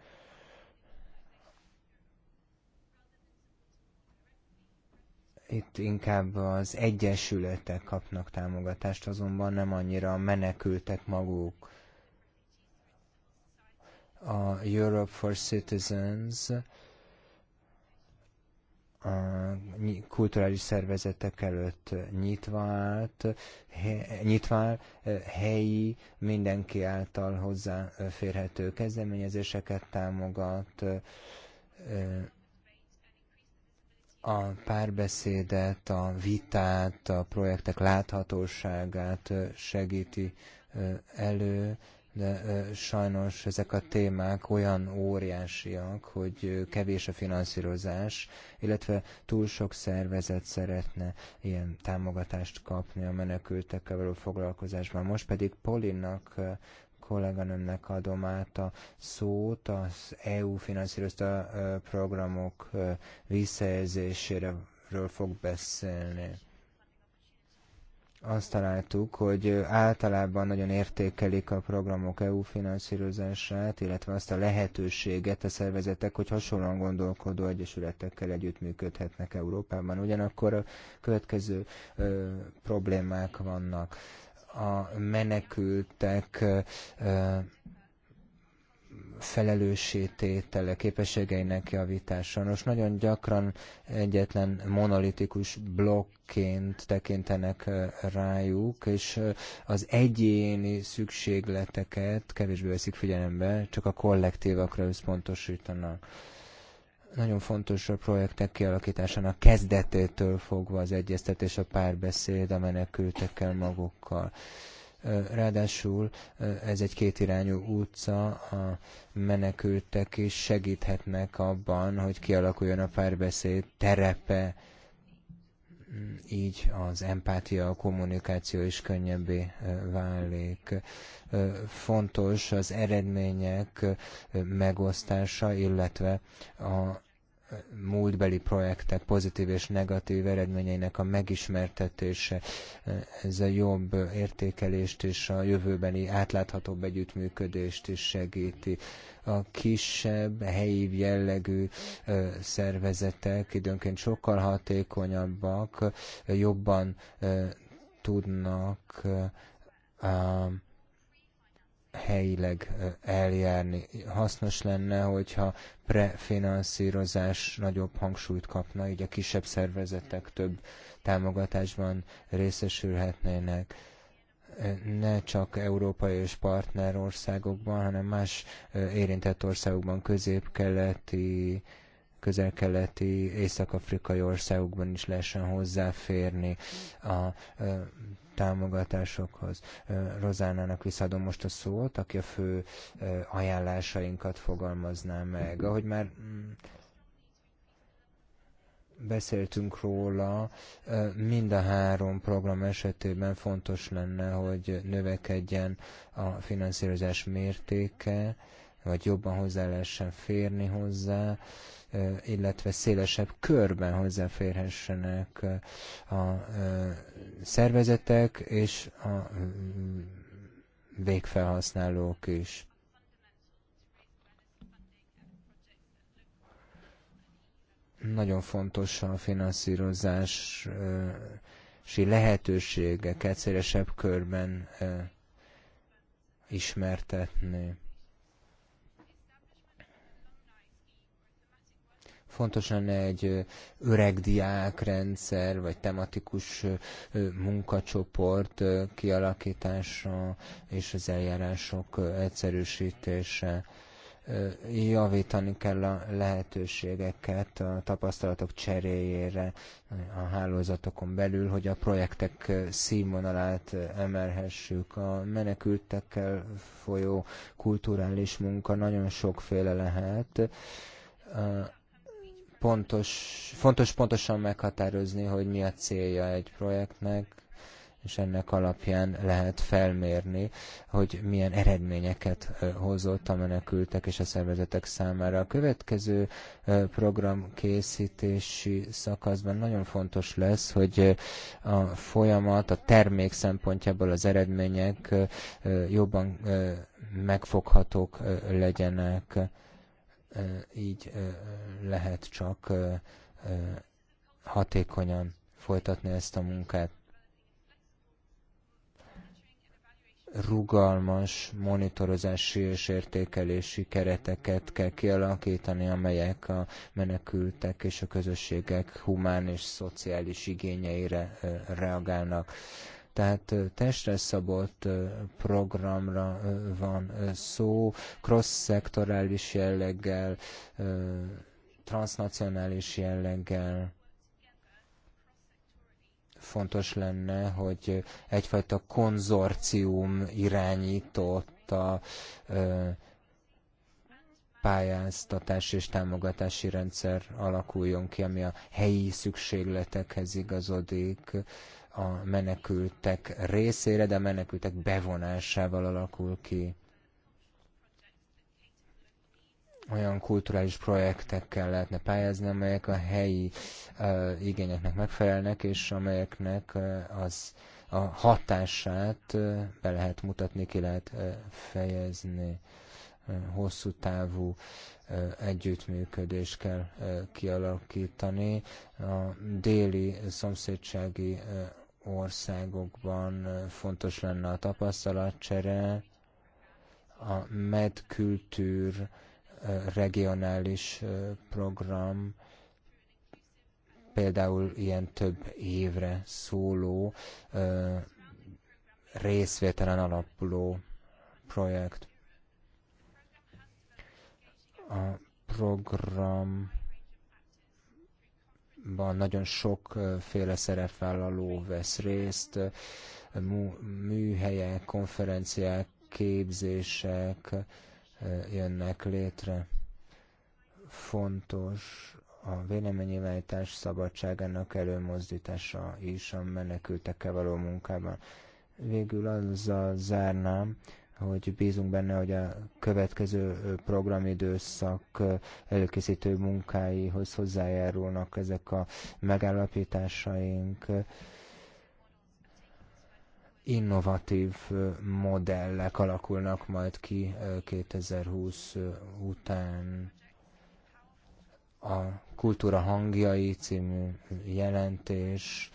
Itt inkább az egyesületek kapnak támogatást, azonban nem annyira a menekültek maguk. A Europe for Citizens a kulturális szervezetek előtt nyitva állt, he, nyitva áll, helyi, mindenki által hozzáférhető kezdeményezéseket támogat, a párbeszédet, a vitát, a projektek láthatóságát segíti elő, de sajnos ezek a témák olyan óriásiak, hogy kevés a finanszírozás, illetve túl sok szervezet szeretne ilyen támogatást kapni a menekültekkel való foglalkozásban. Most pedig Polinnak kolléganőmnek adom át a szót az EU finanszírozta programok visszajelzéséről fog beszélni azt találtuk, hogy általában nagyon értékelik a programok EU finanszírozását, illetve azt a lehetőséget a szervezetek, hogy hasonlóan gondolkodó egyesületekkel együttműködhetnek Európában. Ugyanakkor a következő ö, problémák vannak a menekültek felelőssététele, képességeinek javítása. Nos, nagyon gyakran egyetlen monolitikus blokként tekintenek rájuk, és az egyéni szükségleteket kevésbé veszik figyelembe, csak a kollektívakra összpontosítanak nagyon fontos a projektek kialakításának kezdetétől fogva az egyeztetés, a párbeszéd a menekültekkel magukkal. Ráadásul ez egy kétirányú utca, a menekültek is segíthetnek abban, hogy kialakuljon a párbeszéd terepe, így az empátia, a kommunikáció is könnyebbé válik. Fontos az eredmények megosztása, illetve a múltbeli projektek pozitív és negatív eredményeinek a megismertetése, ez a jobb értékelést és a jövőbeni átláthatóbb együttműködést is segíti. A kisebb, helyi jellegű szervezetek időnként sokkal hatékonyabbak, jobban tudnak helyileg eljárni. Hasznos lenne, hogyha prefinanszírozás nagyobb hangsúlyt kapna, így a kisebb szervezetek több támogatásban részesülhetnének ne csak európai és országokban, hanem más érintett országokban, közép-keleti, közel-keleti, észak-afrikai országokban is lehessen hozzáférni a támogatásokhoz. Rozánának visszaadom most a szót, aki a fő ajánlásainkat fogalmazná meg. Ahogy már mm, beszéltünk róla, mind a három program esetében fontos lenne, hogy növekedjen a finanszírozás mértéke, vagy jobban hozzá lehessen férni hozzá, illetve szélesebb körben hozzáférhessenek a szervezetek és a végfelhasználók is. Nagyon fontos a finanszírozás lehetőségeket szélesebb körben ismertetni. Fontos lenne egy öreg diákrendszer, vagy tematikus munkacsoport kialakítása és az eljárások egyszerűsítése javítani kell a lehetőségeket a tapasztalatok cseréjére a hálózatokon belül, hogy a projektek színvonalát emelhessük. A menekültekkel folyó kulturális munka nagyon sokféle lehet pontos, fontos pontosan meghatározni, hogy mi a célja egy projektnek, és ennek alapján lehet felmérni, hogy milyen eredményeket hozott a menekültek és a szervezetek számára. A következő program készítési szakaszban nagyon fontos lesz, hogy a folyamat a termék szempontjából az eredmények jobban megfoghatók legyenek így lehet csak hatékonyan folytatni ezt a munkát. rugalmas monitorozási és értékelési kereteket kell kialakítani, amelyek a menekültek és a közösségek humán és szociális igényeire reagálnak. Tehát testre szabott programra van szó, cross-szektorális jelleggel, transnacionális jelleggel fontos lenne, hogy egyfajta konzorcium irányított a pályáztatás és támogatási rendszer alakuljon ki, ami a helyi szükségletekhez igazodik a menekültek részére, de a menekültek bevonásával alakul ki. Olyan kulturális projektekkel lehetne pályázni, amelyek a helyi uh, igényeknek megfelelnek, és amelyeknek uh, az a hatását uh, be lehet mutatni, ki lehet uh, fejezni. Uh, hosszú távú együttműködést kell kialakítani. A déli szomszédsági országokban fontos lenne a tapasztalatcsere, a medkültűr regionális program, például ilyen több évre szóló, részvételen alapuló projekt. A program ban nagyon sokféle szerepvállaló vesz részt, műhelyek, konferenciák, képzések jönnek létre. Fontos a véleménynyilvánítás szabadságának előmozdítása is a menekültekkel való munkában. Végül azzal zárnám, hogy bízunk benne, hogy a következő programidőszak előkészítő munkáihoz hozzájárulnak ezek a megállapításaink innovatív modellek alakulnak majd ki 2020 után. A Kultúra hangjai című jelentés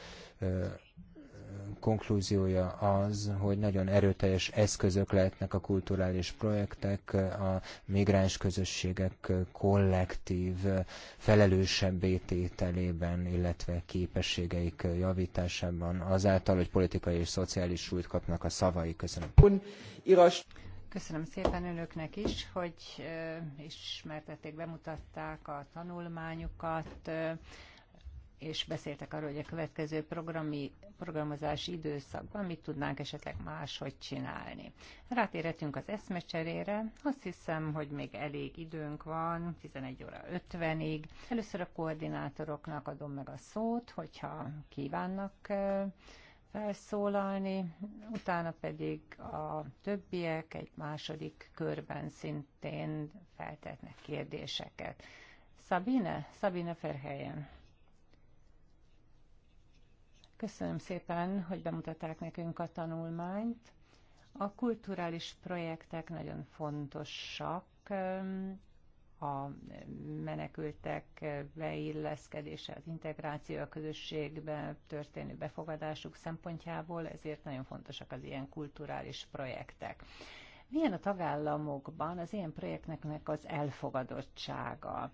konklúziója az, hogy nagyon erőteljes eszközök lehetnek a kulturális projektek, a migráns közösségek kollektív felelősebb étételében, illetve képességeik javításában, azáltal, hogy politikai és szociális súlyt kapnak a szavai. Köszönöm. Köszönöm szépen önöknek is, hogy ismertették, bemutatták a tanulmányukat és beszéltek arról, hogy a következő programi, programozási időszakban mit tudnánk esetleg máshogy csinálni. Rátérhetünk az eszmecserére. Azt hiszem, hogy még elég időnk van, 11 óra 50-ig. Először a koordinátoroknak adom meg a szót, hogyha kívánnak felszólalni, utána pedig a többiek egy második körben szintén feltetnek kérdéseket. Sabine, Sabine Ferhelyen. Köszönöm szépen, hogy bemutatták nekünk a tanulmányt. A kulturális projektek nagyon fontosak a menekültek beilleszkedése, az integráció a közösségbe történő befogadásuk szempontjából, ezért nagyon fontosak az ilyen kulturális projektek. Milyen a tagállamokban az ilyen projekteknek az elfogadottsága?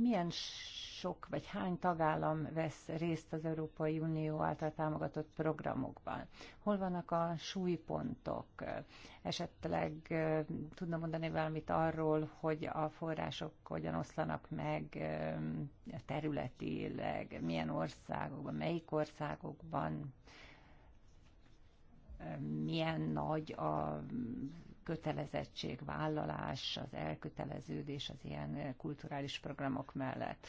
milyen sok vagy hány tagállam vesz részt az Európai Unió által támogatott programokban? Hol vannak a súlypontok? Esetleg tudna mondani valamit arról, hogy a források hogyan oszlanak meg területileg, milyen országokban, melyik országokban, milyen nagy a kötelezettségvállalás, az elköteleződés az ilyen kulturális programok mellett.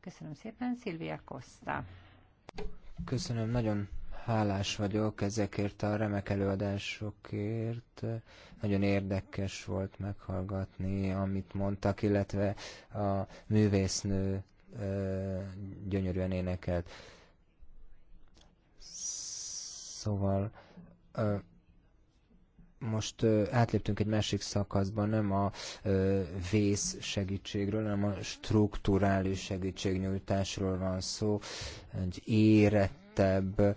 Köszönöm szépen, Szilvia Costa. Köszönöm, nagyon hálás vagyok ezekért a remek előadásokért. Nagyon érdekes volt meghallgatni, amit mondtak, illetve a művésznő gyönyörűen énekelt. Szóval most átléptünk egy másik szakaszba, nem a vész segítségről, hanem a strukturális segítségnyújtásról van szó, egy érettebb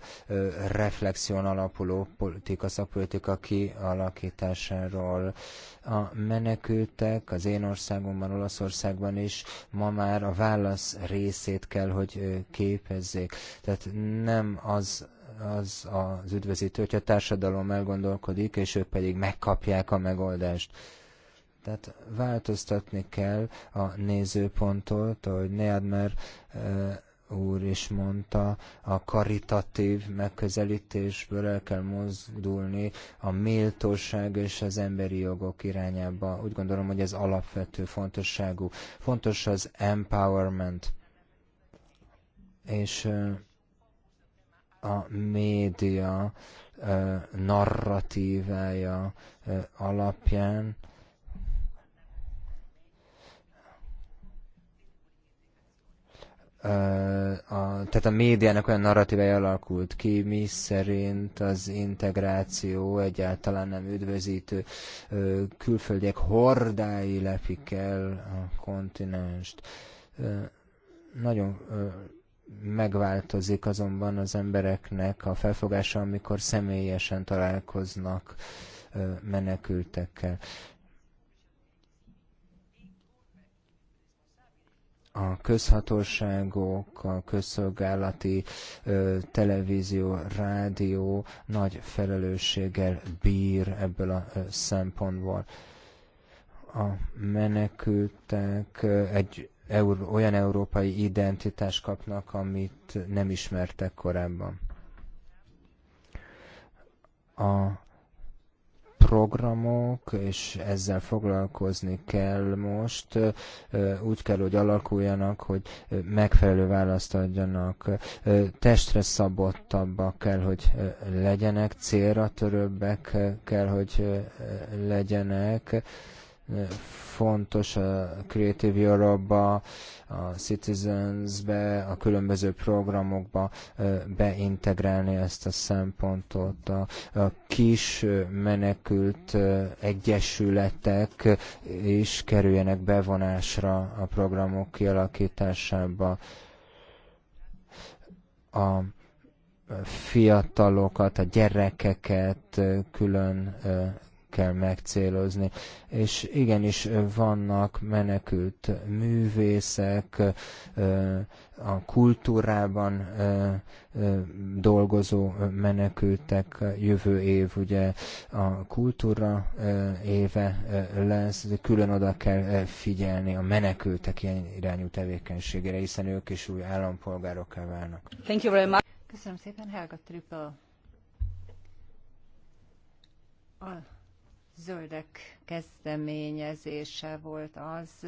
reflexión alapuló politika, szakpolitika kialakításáról. A menekültek az én országomban, Olaszországban is ma már a válasz részét kell, hogy képezzék. Tehát nem az az az üdvözítő, hogyha a társadalom elgondolkodik, és ők pedig megkapják a megoldást. Tehát változtatni kell a nézőpontot, ahogy Neadmer eh, úr is mondta, a karitatív megközelítésből el kell mozdulni a méltóság és az emberi jogok irányába. Úgy gondolom, hogy ez alapvető fontosságú. Fontos az empowerment. És eh, a média narratívája alapján a, tehát a médiának olyan narratívája alakult ki, mi szerint az integráció egyáltalán nem üdvözítő külföldiek hordái lepik el a kontinenst. Nagyon megváltozik azonban az embereknek a felfogása, amikor személyesen találkoznak menekültekkel. a közhatóságok, a közszolgálati televízió, rádió nagy felelősséggel bír ebből a szempontból. A menekültek egy euró, olyan európai identitást kapnak, amit nem ismertek korábban. A programok, és ezzel foglalkozni kell most, úgy kell, hogy alakuljanak, hogy megfelelő választ adjanak, testre szabottabbak kell, hogy legyenek, célra törőbbek kell, hogy legyenek, fontos a Creative Europe-ba, a Citizens-be, a különböző programokba beintegrálni ezt a szempontot. A, kis menekült egyesületek is kerüljenek bevonásra a programok kialakításába. A fiatalokat, a gyerekeket külön kell megcélozni. És igenis vannak menekült művészek, a kultúrában dolgozó menekültek jövő év, ugye a kultúra éve lesz, külön oda kell figyelni a menekültek ilyen irányú tevékenységére, hiszen ők is új állampolgárokká válnak. Thank you very much. Köszönöm szépen, Helga Trippel. Oh zöldek kezdeményezése volt az,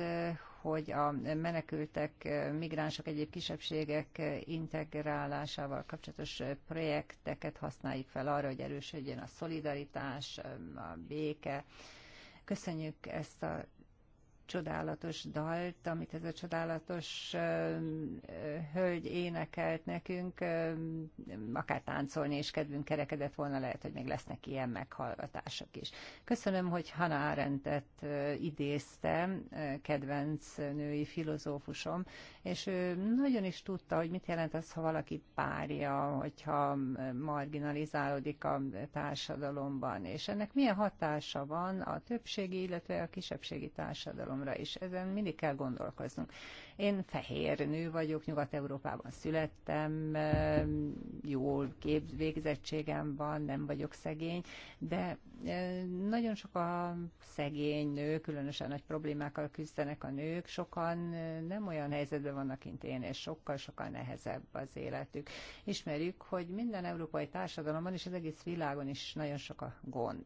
hogy a menekültek, migránsok, egyéb kisebbségek integrálásával kapcsolatos projekteket használjuk fel arra, hogy erősödjön a szolidaritás, a béke. Köszönjük ezt a csodálatos dalt, amit ez a csodálatos hölgy énekelt nekünk, akár táncolni és kedvünk kerekedett volna, lehet, hogy még lesznek ilyen meghallgatások is. Köszönöm, hogy Hannah Arendtet idézte, kedvenc női filozófusom, és ő nagyon is tudta, hogy mit jelent az, ha valaki párja, hogyha marginalizálódik a társadalomban, és ennek milyen hatása van a többségi, illetve a kisebbségi társadalom tartalomra is. Ezen mindig kell gondolkoznunk. Én fehér nő vagyok, Nyugat-Európában születtem, jól képz, végzettségem van, nem vagyok szegény, de e, nagyon sok a szegény nő, különösen nagy problémákkal küzdenek a nők, sokan e, nem olyan helyzetben vannak, mint én, és sokkal-sokkal nehezebb az életük. Ismerjük, hogy minden európai társadalomban és az egész világon is nagyon sok a gond.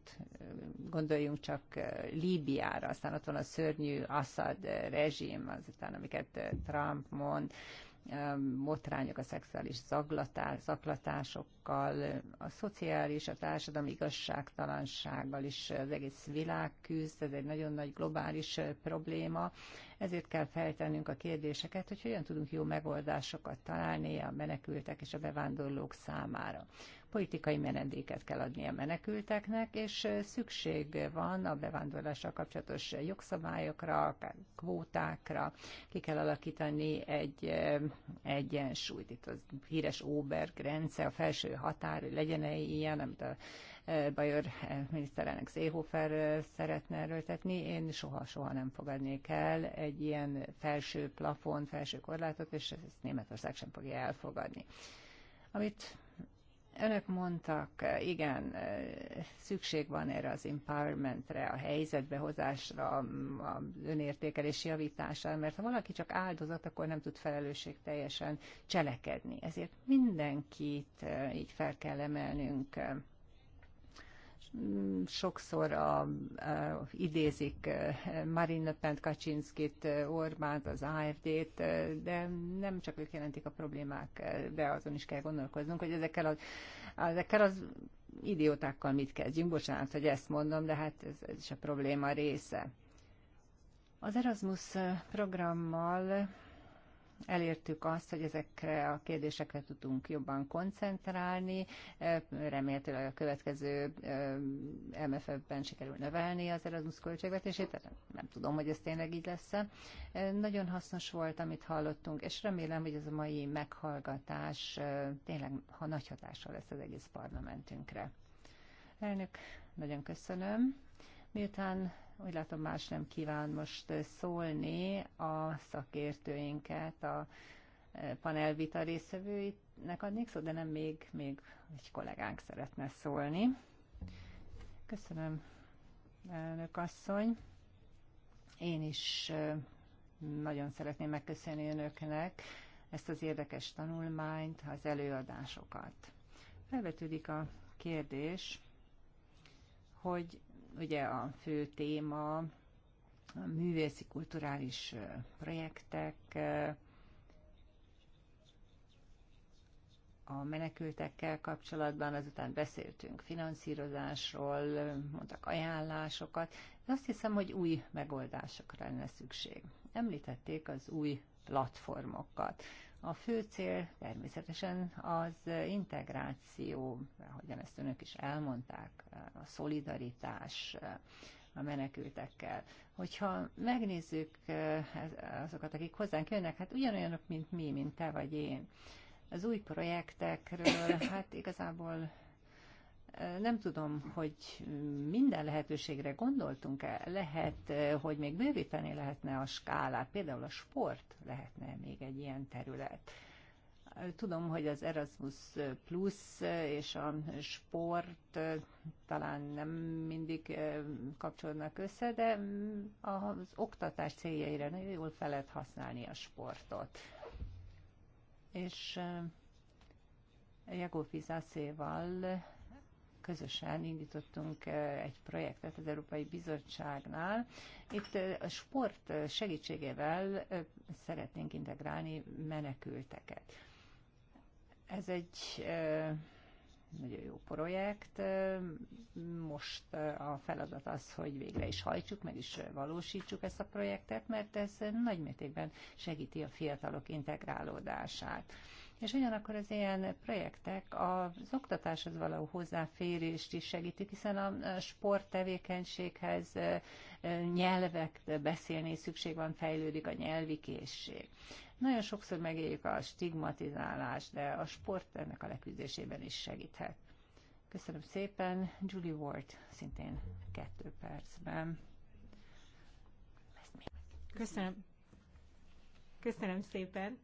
Gondoljunk csak e, Líbiára, aztán ott van a szörnyű Assad rezsim, azután amiket Trump mond, botrányok a szexuális zaklatás, zaklatásokkal, a szociális, a társadalmi igazságtalansággal is az egész világ küzd, ez egy nagyon nagy globális probléma, ezért kell feltennünk a kérdéseket, hogy hogyan tudunk jó megoldásokat találni a menekültek és a bevándorlók számára politikai menedéket kell adni a menekülteknek, és szükség van a bevándorlással kapcsolatos jogszabályokra, kvótákra, ki kell alakítani egy egyensúlyt. Itt az híres Oberg rendszer, a felső határ, hogy legyen -e ilyen, amit a Bajor miniszterelnök Seehofer szeretne erről tetni. Én soha-soha nem fogadnék el egy ilyen felső plafon, felső korlátot, és ezt Németország sem fogja elfogadni. Amit Önök mondtak, igen, szükség van erre az empowermentre, a helyzetbehozásra, a önértékelés javítására, mert ha valaki csak áldozat, akkor nem tud felelősség teljesen cselekedni. Ezért mindenkit így fel kell emelnünk sokszor a, a, idézik Marine Le Pen, Kaczynszkit, Orbánt, az AFD-t, de nem csak ők jelentik a problémák, de azon is kell gondolkoznunk, hogy ezekkel, az, ezekkel az idiótákkal mit kezdjünk. Bocsánat, hogy ezt mondom, de hát ez, ez is a probléma része. Az Erasmus programmal elértük azt, hogy ezekre a kérdésekre tudunk jobban koncentrálni. Remélhetőleg a következő MFF-ben sikerül növelni az Erasmus költségvetését, nem tudom, hogy ez tényleg így lesz -e. Nagyon hasznos volt, amit hallottunk, és remélem, hogy ez a mai meghallgatás tényleg ha nagy hatással lesz az egész parlamentünkre. Elnök, nagyon köszönöm. Miután úgy látom, más nem kíván most szólni a szakértőinket, a panelvita részvevőinek adnék szó, de nem még, még egy kollégánk szeretne szólni. Köszönöm, elnök asszony. Én is nagyon szeretném megköszönni önöknek ezt az érdekes tanulmányt, az előadásokat. Felvetődik a kérdés, hogy Ugye a fő téma a művészi kulturális projektek, a menekültekkel kapcsolatban, azután beszéltünk finanszírozásról, mondtak ajánlásokat, de azt hiszem, hogy új megoldásokra lenne szükség. Említették az új platformokat. A fő cél természetesen az integráció, ahogyan ezt önök is elmondták, a szolidaritás, a menekültekkel. Hogyha megnézzük eh, azokat, akik hozzánk jönnek, hát ugyanolyanok, mint mi, mint te vagy én. Az új projektekről, hát igazából nem tudom, hogy minden lehetőségre gondoltunk-e. Lehet, hogy még bővíteni lehetne a skálát. Például a sport lehetne még egy ilyen terület. Tudom, hogy az Erasmus Plus és a sport eh, talán nem mindig eh, kapcsolódnak össze, de az oktatás céljaira nagyon jól fel lehet használni a sportot. És eh, Jakó Fizászéval közösen indítottunk egy projektet az Európai Bizottságnál. Itt a sport segítségével szeretnénk integrálni menekülteket. Ez egy nagyon jó projekt. Most a feladat az, hogy végre is hajtsuk, meg is valósítsuk ezt a projektet, mert ez nagymértékben segíti a fiatalok integrálódását és ugyanakkor az ilyen projektek az oktatáshoz való hozzáférést is segítik, hiszen a sporttevékenységhez nyelvek beszélni szükség van, fejlődik a nyelvi készség. Nagyon sokszor megéljük a stigmatizálást, de a sport ennek a leküzdésében is segíthet. Köszönöm szépen. Julie Ward, szintén kettő percben. Köszönöm. Köszönöm szépen.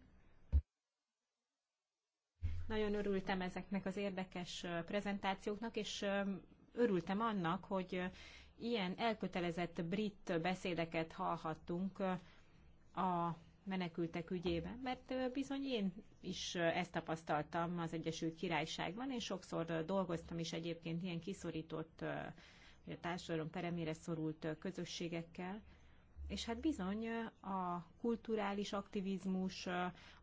Nagyon örültem ezeknek az érdekes prezentációknak, és örültem annak, hogy ilyen elkötelezett brit beszédeket hallhattunk a menekültek ügyében, mert bizony én is ezt tapasztaltam az Egyesült Királyságban, és sokszor dolgoztam is egyébként ilyen kiszorított, a társadalom peremére szorult közösségekkel, és hát bizony a kulturális aktivizmus,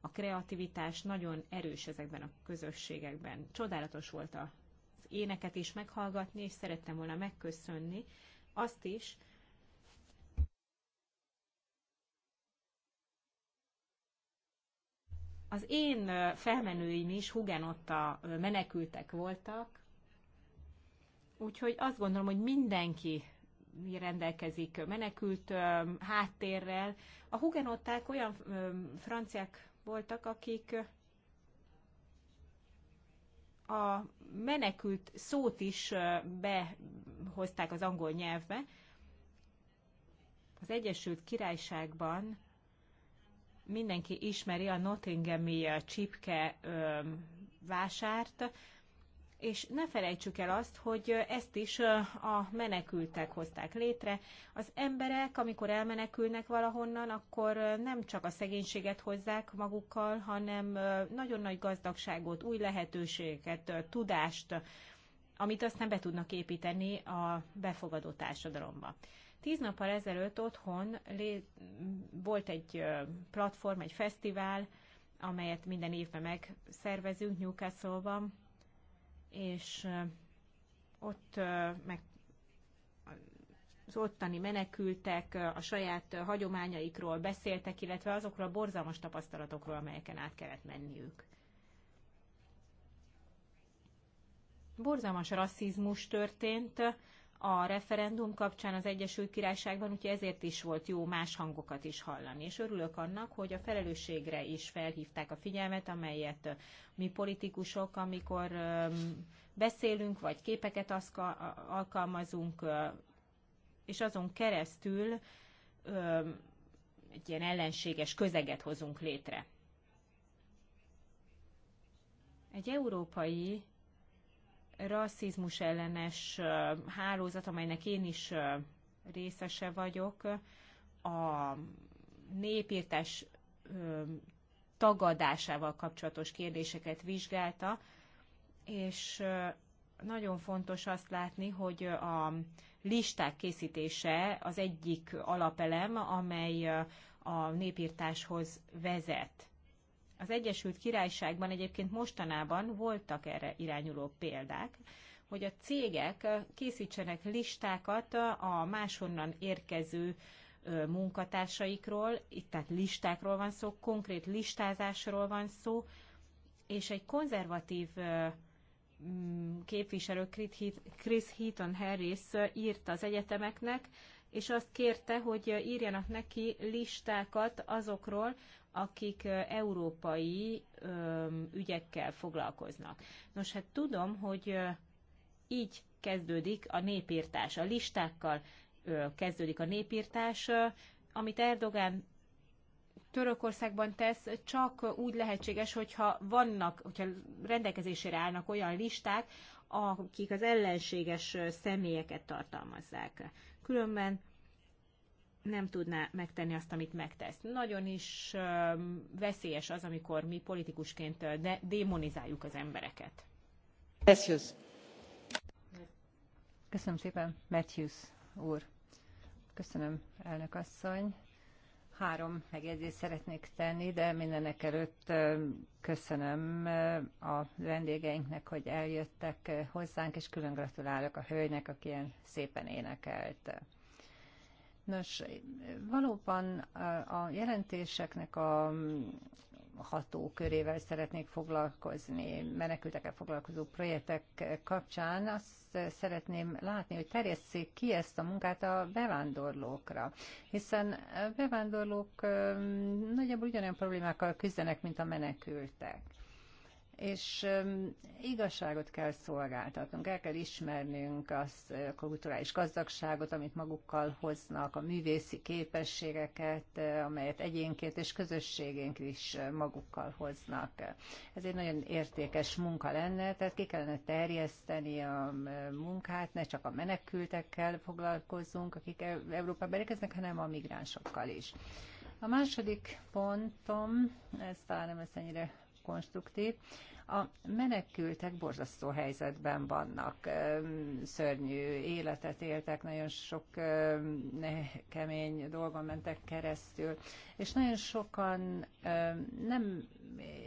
a kreativitás nagyon erős ezekben a közösségekben. Csodálatos volt az éneket is meghallgatni, és szerettem volna megköszönni azt is, Az én felmenőim is Hugenotta menekültek voltak, úgyhogy azt gondolom, hogy mindenki rendelkezik menekült háttérrel. A hugenották olyan franciák voltak, akik a menekült szót is behozták az angol nyelvbe. Az Egyesült Királyságban mindenki ismeri a Nottinghami csipke vásárt, és ne felejtsük el azt, hogy ezt is a menekültek hozták létre. Az emberek, amikor elmenekülnek valahonnan, akkor nem csak a szegénységet hozzák magukkal, hanem nagyon nagy gazdagságot, új lehetőségeket, tudást, amit aztán be tudnak építeni a befogadó társadalomba. Tíz nappal ezelőtt otthon volt egy platform, egy fesztivál, amelyet minden évben megszervezünk Newcastle-ban, és ott meg az ottani menekültek a saját hagyományaikról beszéltek, illetve azokról a borzalmas tapasztalatokról, amelyeken át kellett menniük. Borzalmas rasszizmus történt, a referendum kapcsán az Egyesült Királyságban, úgyhogy ezért is volt jó más hangokat is hallani. És örülök annak, hogy a felelősségre is felhívták a figyelmet, amelyet mi politikusok, amikor beszélünk, vagy képeket alkalmazunk, és azon keresztül egy ilyen ellenséges közeget hozunk létre. Egy európai rasszizmus ellenes hálózat, amelynek én is részese vagyok, a népírtás tagadásával kapcsolatos kérdéseket vizsgálta, és nagyon fontos azt látni, hogy a listák készítése az egyik alapelem, amely a népírtáshoz vezet. Az Egyesült Királyságban egyébként mostanában voltak erre irányuló példák, hogy a cégek készítsenek listákat a máshonnan érkező munkatársaikról, itt tehát listákról van szó, konkrét listázásról van szó, és egy konzervatív mm, képviselő Chris Heaton Harris írt az egyetemeknek, és azt kérte, hogy írjanak neki listákat azokról, akik európai ügyekkel foglalkoznak. Nos, hát tudom, hogy így kezdődik a népírtás, a listákkal kezdődik a népírtás, amit Erdogán Törökországban tesz, csak úgy lehetséges, hogyha vannak, hogyha rendelkezésére állnak olyan listák, akik az ellenséges személyeket tartalmazzák. Különben nem tudná megtenni azt, amit megtesz. Nagyon is veszélyes az, amikor mi politikusként de démonizáljuk az embereket. Matthews. Köszönöm szépen, Matthews úr. Köszönöm, elnök asszony. Három megjegyzést szeretnék tenni, de mindenek előtt köszönöm a vendégeinknek, hogy eljöttek hozzánk, és külön gratulálok a hölgynek, aki ilyen szépen énekelt. Nos, valóban eh, a jelentéseknek a hatókörével szeretnék foglalkozni, menekültekkel foglalkozó projektek kapcsán. Azt szeretném látni, hogy terjesszék ki ezt a munkát a bevándorlókra, hiszen a bevándorlók eh, nagyjából ugyanolyan problémákkal küzdenek, mint a menekültek és igazságot kell szolgáltatnunk, el kell ismernünk azt a kulturális gazdagságot, amit magukkal hoznak, a művészi képességeket, amelyet egyénként és közösségénk is magukkal hoznak. Ez egy nagyon értékes munka lenne, tehát ki kellene terjeszteni a munkát, ne csak a menekültekkel foglalkozzunk, akik e-, Európába érkeznek, hanem a migránsokkal is. A második pontom, ez talán nem lesz ennyire konstruktív. A menekültek borzasztó helyzetben vannak, szörnyű életet éltek, nagyon sok kemény dolgon mentek keresztül, és nagyon sokan nem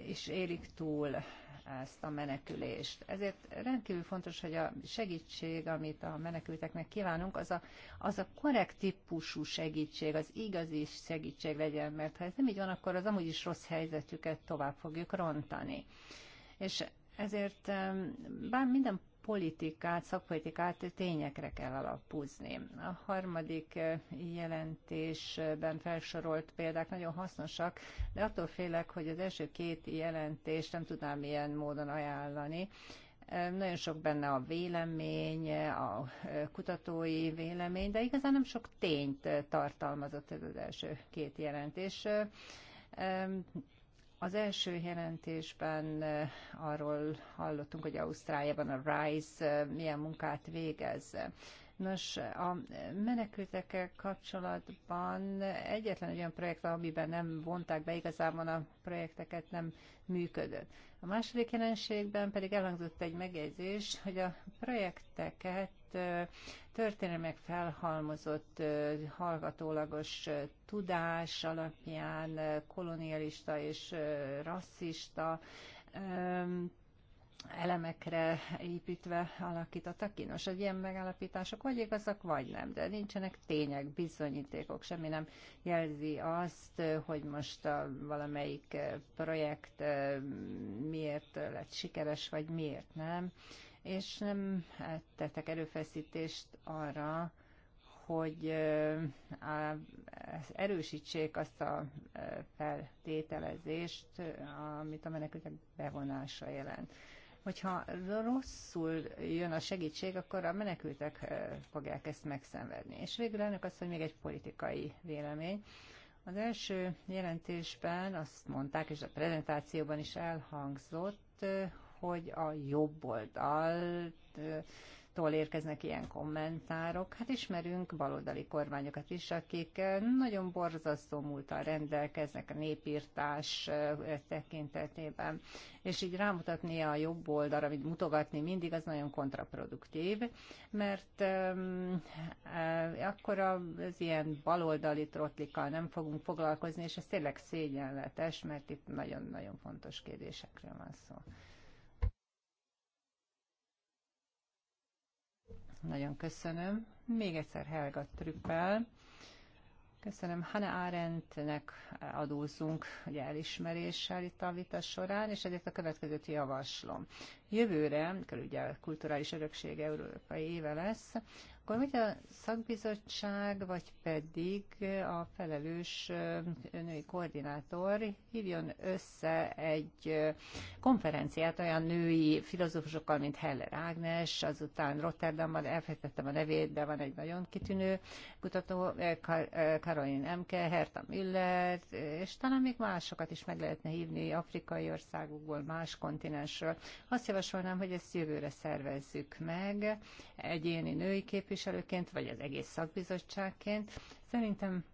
is élik túl ezt a menekülést. Ezért rendkívül fontos, hogy a segítség, amit a menekülteknek kívánunk, az a, az a korrekt típusú segítség, az igazi segítség legyen, mert ha ez nem így van, akkor az amúgy is rossz helyzetüket tovább fogjuk rontani. És ezért bár minden politikát, szakpolitikát tényekre kell alapozni. A harmadik jelentésben felsorolt példák nagyon hasznosak, de attól félek, hogy az első két jelentést nem tudnám ilyen módon ajánlani, nagyon sok benne a vélemény, a kutatói vélemény, de igazán nem sok tényt tartalmazott ez az első két jelentés. Az első jelentésben eh, arról hallottunk, hogy Ausztráliában a RISE eh, milyen munkát végez. Nos, a menekültekkel kapcsolatban egyetlen olyan projekt, amiben nem vonták be igazából a projekteket, nem működött. A második jelenségben pedig elhangzott egy megjegyzés, hogy a projekteket itt történelmek felhalmozott hallgatólagos tudás alapján kolonialista és rasszista elemekre építve alakítottak ki. Nos, hogy ilyen megállapítások vagy igazak, vagy nem, de nincsenek tények, bizonyítékok, semmi nem jelzi azt, hogy most a valamelyik projekt eh, miért lett sikeres, vagy miért nem, és nem eh, tettek erőfeszítést arra, hogy eh, erősítsék azt a feltételezést, amit a menekültek bevonása jelent hogyha rosszul jön a segítség, akkor a menekültek eh, fogják ezt megszenvedni. És végül ennek az, hogy még egy politikai vélemény. Az első jelentésben azt mondták, és a prezentációban is elhangzott, eh, hogy a jobb oldalt eh, tól érkeznek ilyen kommentárok. Hát ismerünk baloldali kormányokat is, akik eh, nagyon borzasztó múltal rendelkeznek a népírtás eh, tekintetében. És így rámutatni a jobb oldalra, amit mutogatni mindig, az nagyon kontraproduktív, mert um, akkor az ilyen baloldali trotlikkal nem fogunk foglalkozni, és ez tényleg szégyenletes, mert itt nagyon-nagyon fontos kérdésekről van szó. Nagyon köszönöm. Még egyszer Helga Trüppel. Köszönöm. Hanna Arendtnek adózunk ugye elismeréssel itt a vita során, és ezért a következőt javaslom. Jövőre, amikor ugye a kulturális örökség európai éve lesz, akkor hogy a szakbizottság, vagy pedig a felelős női koordinátor hívjon össze egy konferenciát olyan női filozófusokkal, mint Heller Ágnes, azután Rotterdamban, elfejtettem a nevét, de van egy nagyon kitűnő kutató, Karolin Emke, Herta Müller, és talán még másokat is meg lehetne hívni afrikai országokból, más kontinensről. Azt javasolnám, hogy ezt jövőre szervezzük meg, egyéni női képviselők, képviselőként, vagy az egész szakbizottságként. Szerintem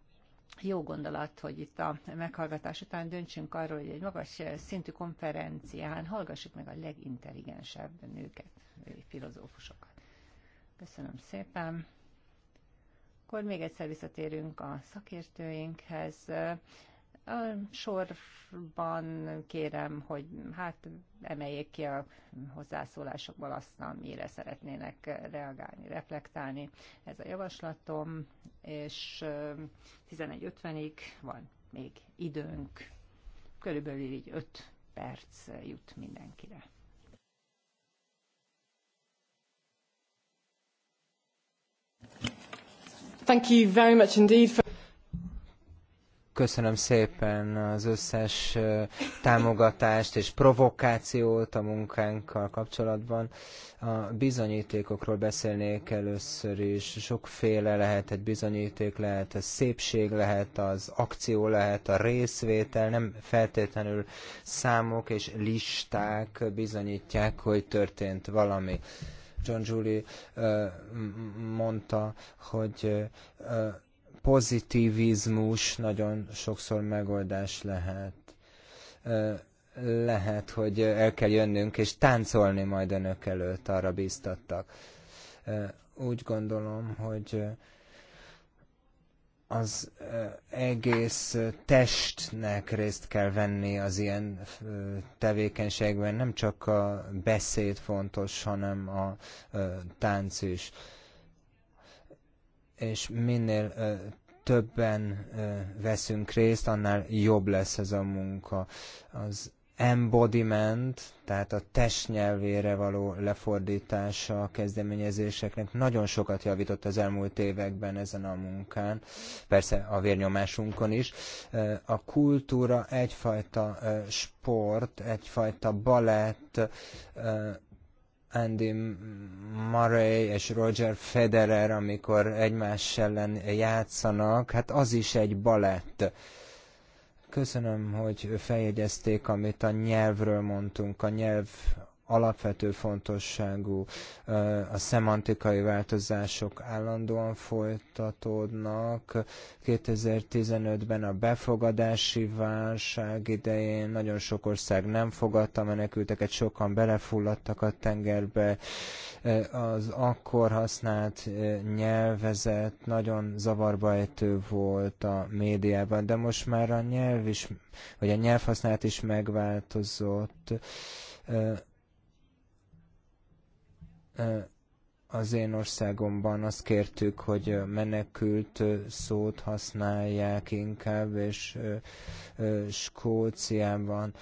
jó gondolat, hogy itt a meghallgatás után döntsünk arról, hogy egy magas szintű konferencián hallgassuk meg a legintelligensebb nőket, filozófusokat. Köszönöm szépen. Akkor még egyszer visszatérünk a szakértőinkhez. Sorban kérem, hogy hát emeljék ki a hozzászólásokból azt, amire szeretnének reagálni, reflektálni. Ez a javaslatom, és 11.50-ig van még időnk, körülbelül így 5 perc jut mindenkire. Thank you very much indeed for Köszönöm szépen az összes támogatást és provokációt a munkánkkal kapcsolatban. A bizonyítékokról beszélnék először is. Sokféle lehet egy bizonyíték, lehet a szépség, lehet az akció, lehet a részvétel, nem feltétlenül számok és listák bizonyítják, hogy történt valami. John Julie mondta, hogy pozitivizmus nagyon sokszor megoldás lehet. Lehet, hogy el kell jönnünk és táncolni majd önök előtt, arra bíztattak. Úgy gondolom, hogy az egész testnek részt kell venni az ilyen tevékenységben, nem csak a beszéd fontos, hanem a tánc is és minél többen veszünk részt, annál jobb lesz ez a munka. Az embodiment, tehát a testnyelvére való lefordítása a kezdeményezéseknek nagyon sokat javított az elmúlt években ezen a munkán, persze a vérnyomásunkon is. A kultúra egyfajta sport, egyfajta balett, Andy Murray és Roger Federer, amikor egymás ellen játszanak, hát az is egy balett. Köszönöm, hogy feljegyezték, amit a nyelvről mondtunk. A nyelv alapvető fontosságú, a szemantikai változások állandóan folytatódnak. 2015-ben a befogadási válság idején nagyon sok ország nem fogadta menekülteket, sokan belefulladtak a tengerbe. Az akkor használt nyelvezet nagyon zavarba ejtő volt a médiában, de most már a nyelv is, vagy a nyelvhasználat is megváltozott az én országomban azt kértük, hogy menekült szót használják inkább, és Skóciában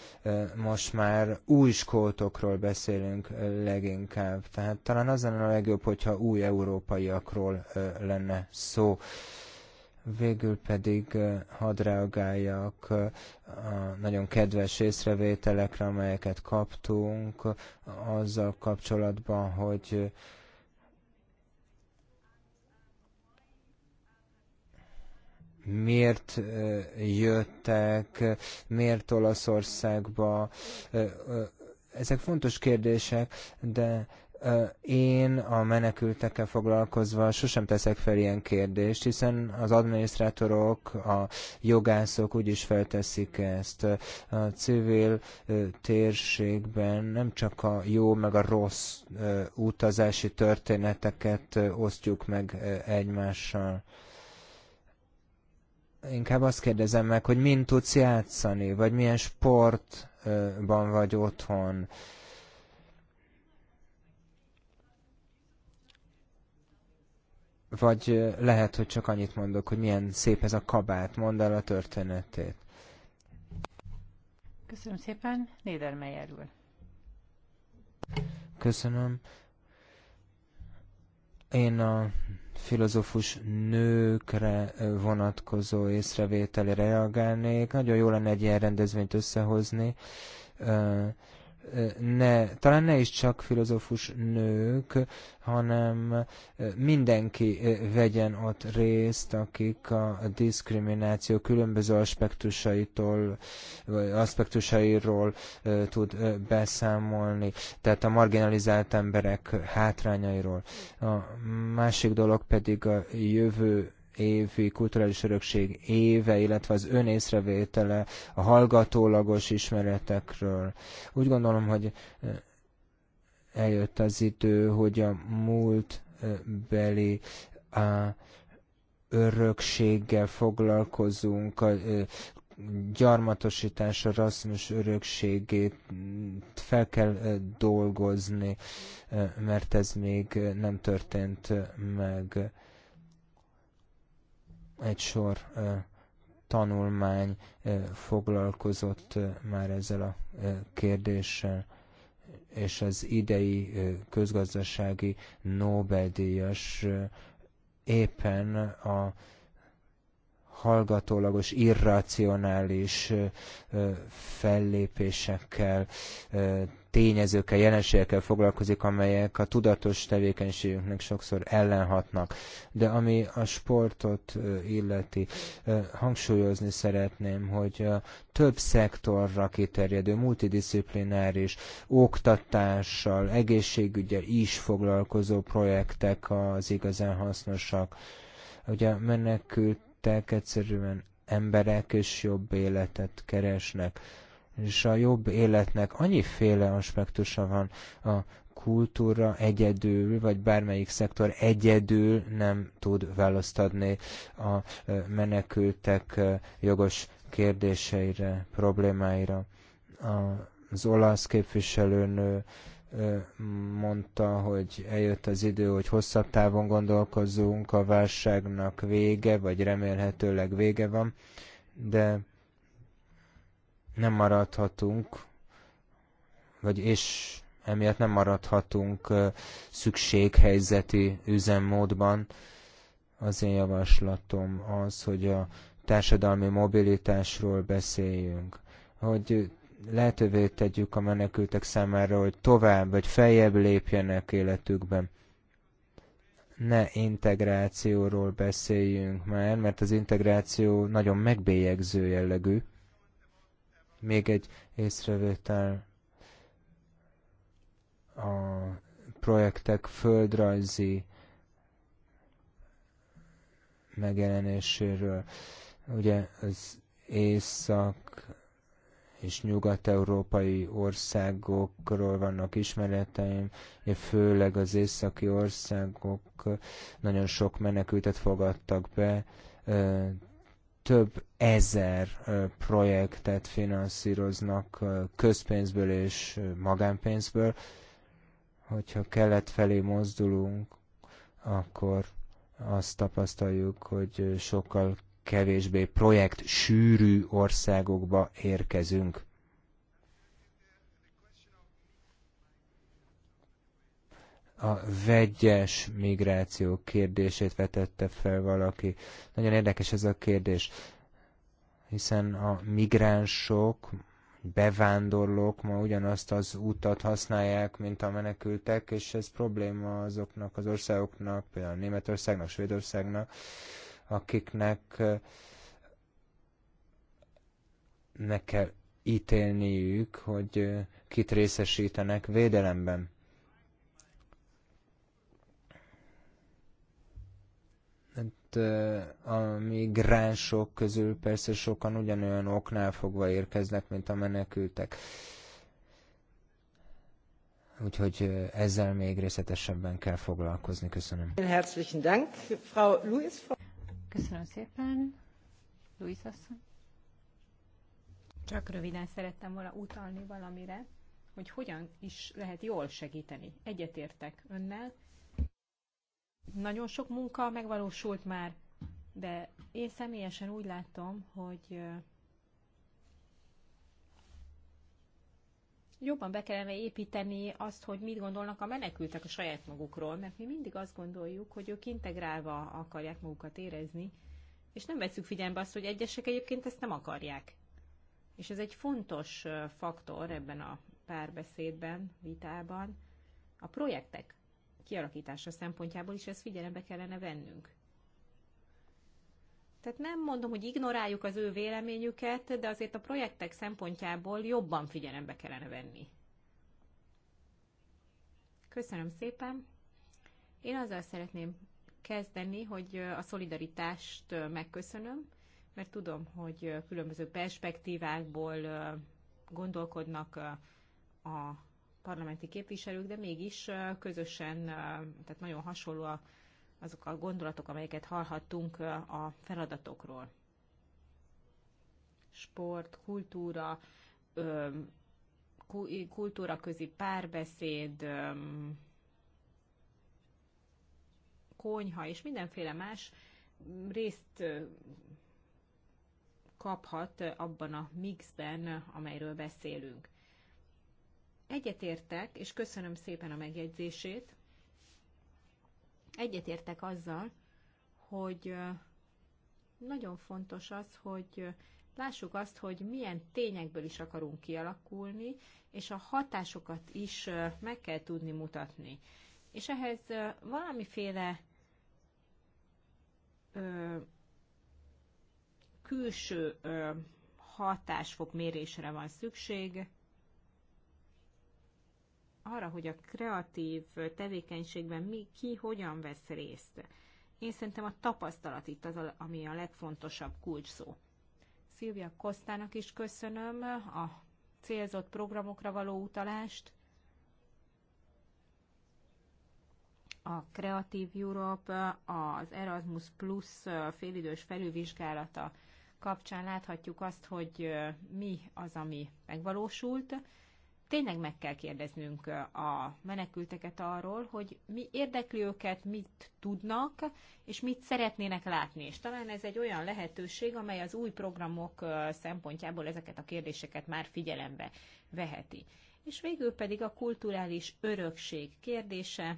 most már új skótokról beszélünk leginkább. Tehát talán az lenne a legjobb, hogyha új európaiakról lenne szó. Végül pedig hadd reagáljak a nagyon kedves észrevételekre, amelyeket kaptunk azzal kapcsolatban, hogy miért jöttek, miért Olaszországba. Ezek fontos kérdések, de én a menekültekkel foglalkozva sosem teszek fel ilyen kérdést, hiszen az adminisztrátorok, a jogászok úgyis felteszik ezt. A civil térségben nem csak a jó meg a rossz utazási történeteket osztjuk meg egymással inkább azt kérdezem meg, hogy mind tudsz játszani, vagy milyen sportban vagy otthon. Vagy lehet, hogy csak annyit mondok, hogy milyen szép ez a kabát, mondd el a történetét. Köszönöm szépen, Nédermeyer úr. Köszönöm. Én a filozófus nőkre vonatkozó észrevételre reagálnék. Nagyon jó lenne egy ilyen rendezvényt összehozni ne, talán ne is csak filozófus nők, hanem mindenki vegyen ott részt, akik a diszkrimináció különböző aspektusaitól, vagy aspektusairól tud beszámolni, tehát a marginalizált emberek hátrányairól. A másik dolog pedig a jövő évi kulturális örökség éve, illetve az önészrevétele a hallgatólagos ismeretekről. Úgy gondolom, hogy eljött az idő, hogy a múltbeli a örökséggel foglalkozunk, a gyarmatosítás, a rasszmus örökségét fel kell dolgozni, mert ez még nem történt meg egy sor tanulmány foglalkozott már ezzel a kérdéssel, és az idei közgazdasági Nobel-díjas éppen a hallgatólagos, irracionális fellépésekkel, tényezőkkel, jelenségekkel foglalkozik, amelyek a tudatos tevékenységünknek sokszor ellenhatnak. De ami a sportot illeti, hangsúlyozni szeretném, hogy a több szektorra kiterjedő, multidisziplináris oktatással, egészségügyel is foglalkozó projektek az igazán hasznosak. Ugye menekült lettek, egyszerűen emberek is jobb életet keresnek. És a jobb életnek annyiféle aspektusa van, a kultúra egyedül, vagy bármelyik szektor egyedül nem tud választ adni a menekültek jogos kérdéseire, problémáira. Az olasz képviselőnő mondta, hogy eljött az idő, hogy hosszabb távon gondolkozzunk, a válságnak vége, vagy remélhetőleg vége van, de nem maradhatunk, vagy és emiatt nem maradhatunk szükséghelyzeti üzemmódban. Az én javaslatom az, hogy a társadalmi mobilitásról beszéljünk, hogy lehetővé tegyük a menekültek számára, hogy tovább vagy feljebb lépjenek életükben. Ne integrációról beszéljünk már, mert az integráció nagyon megbélyegző jellegű. Még egy észrevétel a projektek földrajzi megjelenéséről. Ugye az észak és nyugat-európai országokról vannak ismereteim, és főleg az északi országok nagyon sok menekültet fogadtak be, több ezer projektet finanszíroznak közpénzből és magánpénzből. Hogyha kelet felé mozdulunk, akkor azt tapasztaljuk, hogy sokkal kevésbé projekt sűrű országokba érkezünk. a vegyes migráció kérdését vetette fel valaki. Nagyon érdekes ez a kérdés, hiszen a migránsok, bevándorlók ma ugyanazt az utat használják, mint a menekültek, és ez probléma azoknak az országoknak, például Németországnak, Svédországnak, akiknek ne kell ítélniük, hogy kit részesítenek védelemben. Hát, a migránsok közül persze sokan ugyanolyan oknál fogva érkeznek, mint a menekültek. Úgyhogy ezzel még részletesebben kell foglalkozni. Köszönöm. Herzlichen Dank, Frau Köszönöm szépen. Luis asszony. Csak röviden szerettem volna utalni valamire, hogy hogyan is lehet jól segíteni. Egyetértek önnel. Nagyon sok munka megvalósult már, de én személyesen úgy látom, hogy jobban be kellene építeni azt, hogy mit gondolnak a menekültek a saját magukról, mert mi mindig azt gondoljuk, hogy ők integrálva akarják magukat érezni, és nem veszük figyelembe azt, hogy egyesek egyébként ezt nem akarják. És ez egy fontos faktor ebben a párbeszédben, vitában. A projektek kialakítása szempontjából is ezt figyelembe kellene vennünk. Tehát nem mondom, hogy ignoráljuk az ő véleményüket, de azért a projektek szempontjából jobban figyelembe kellene venni. Köszönöm szépen. Én azzal szeretném kezdeni, hogy a szolidaritást megköszönöm, mert tudom, hogy különböző perspektívákból gondolkodnak a parlamenti képviselők, de mégis közösen, tehát nagyon hasonló a azok a gondolatok, amelyeket hallhattunk a feladatokról. Sport, kultúra, kultúra közi párbeszéd, konyha és mindenféle más részt kaphat abban a mixben, amelyről beszélünk. Egyetértek, és köszönöm szépen a megjegyzését egyetértek azzal, hogy nagyon fontos az, hogy lássuk azt, hogy milyen tényekből is akarunk kialakulni, és a hatásokat is meg kell tudni mutatni. És ehhez valamiféle ö, külső ö, hatásfok mérésre van szükség, arra, hogy a kreatív tevékenységben mi, ki hogyan vesz részt. Én szerintem a tapasztalat itt az, ami a legfontosabb kulcs szó. Szilvia Kosztának is köszönöm a célzott programokra való utalást. A Creative Europe, az Erasmus Plus félidős felülvizsgálata kapcsán láthatjuk azt, hogy mi az, ami megvalósult tényleg meg kell kérdeznünk a menekülteket arról, hogy mi érdekli őket, mit tudnak, és mit szeretnének látni. És talán ez egy olyan lehetőség, amely az új programok szempontjából ezeket a kérdéseket már figyelembe veheti. És végül pedig a kulturális örökség kérdése.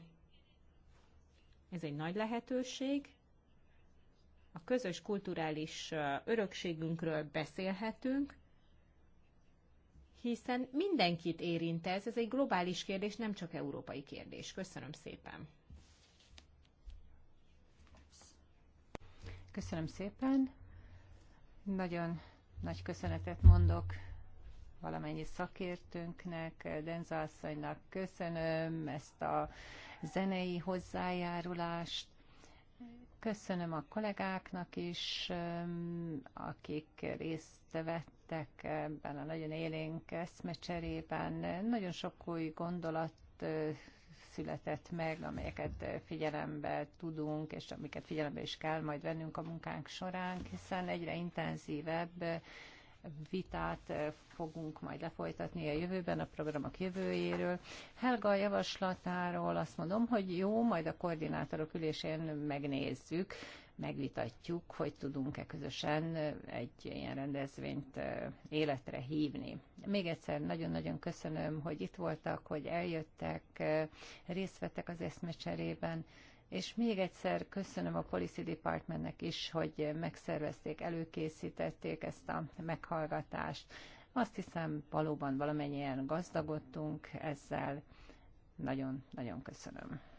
Ez egy nagy lehetőség. A közös kulturális örökségünkről beszélhetünk, hiszen mindenkit érint ez, ez egy globális kérdés, nem csak európai kérdés. Köszönöm szépen! Köszönöm szépen! Nagyon nagy köszönetet mondok valamennyi szakértőnknek, Denza asszonynak köszönöm ezt a zenei hozzájárulást, köszönöm a kollégáknak is, akik részt vettek vettek ebben a nagyon élénk eszmecserében. Nagyon sok új gondolat született meg, amelyeket figyelembe tudunk, és amiket figyelembe is kell majd vennünk a munkánk során, hiszen egyre intenzívebb vitát fogunk majd lefolytatni a jövőben, a programok jövőjéről. Helga javaslatáról azt mondom, hogy jó, majd a koordinátorok ülésén megnézzük, megvitatjuk, hogy tudunk-e közösen egy ilyen rendezvényt életre hívni. Még egyszer nagyon-nagyon köszönöm, hogy itt voltak, hogy eljöttek, részt vettek az eszmecserében, és még egyszer köszönöm a Policy Departmentnek is, hogy megszervezték, előkészítették ezt a meghallgatást. Azt hiszem, valóban valamennyien gazdagodtunk ezzel. Nagyon-nagyon köszönöm.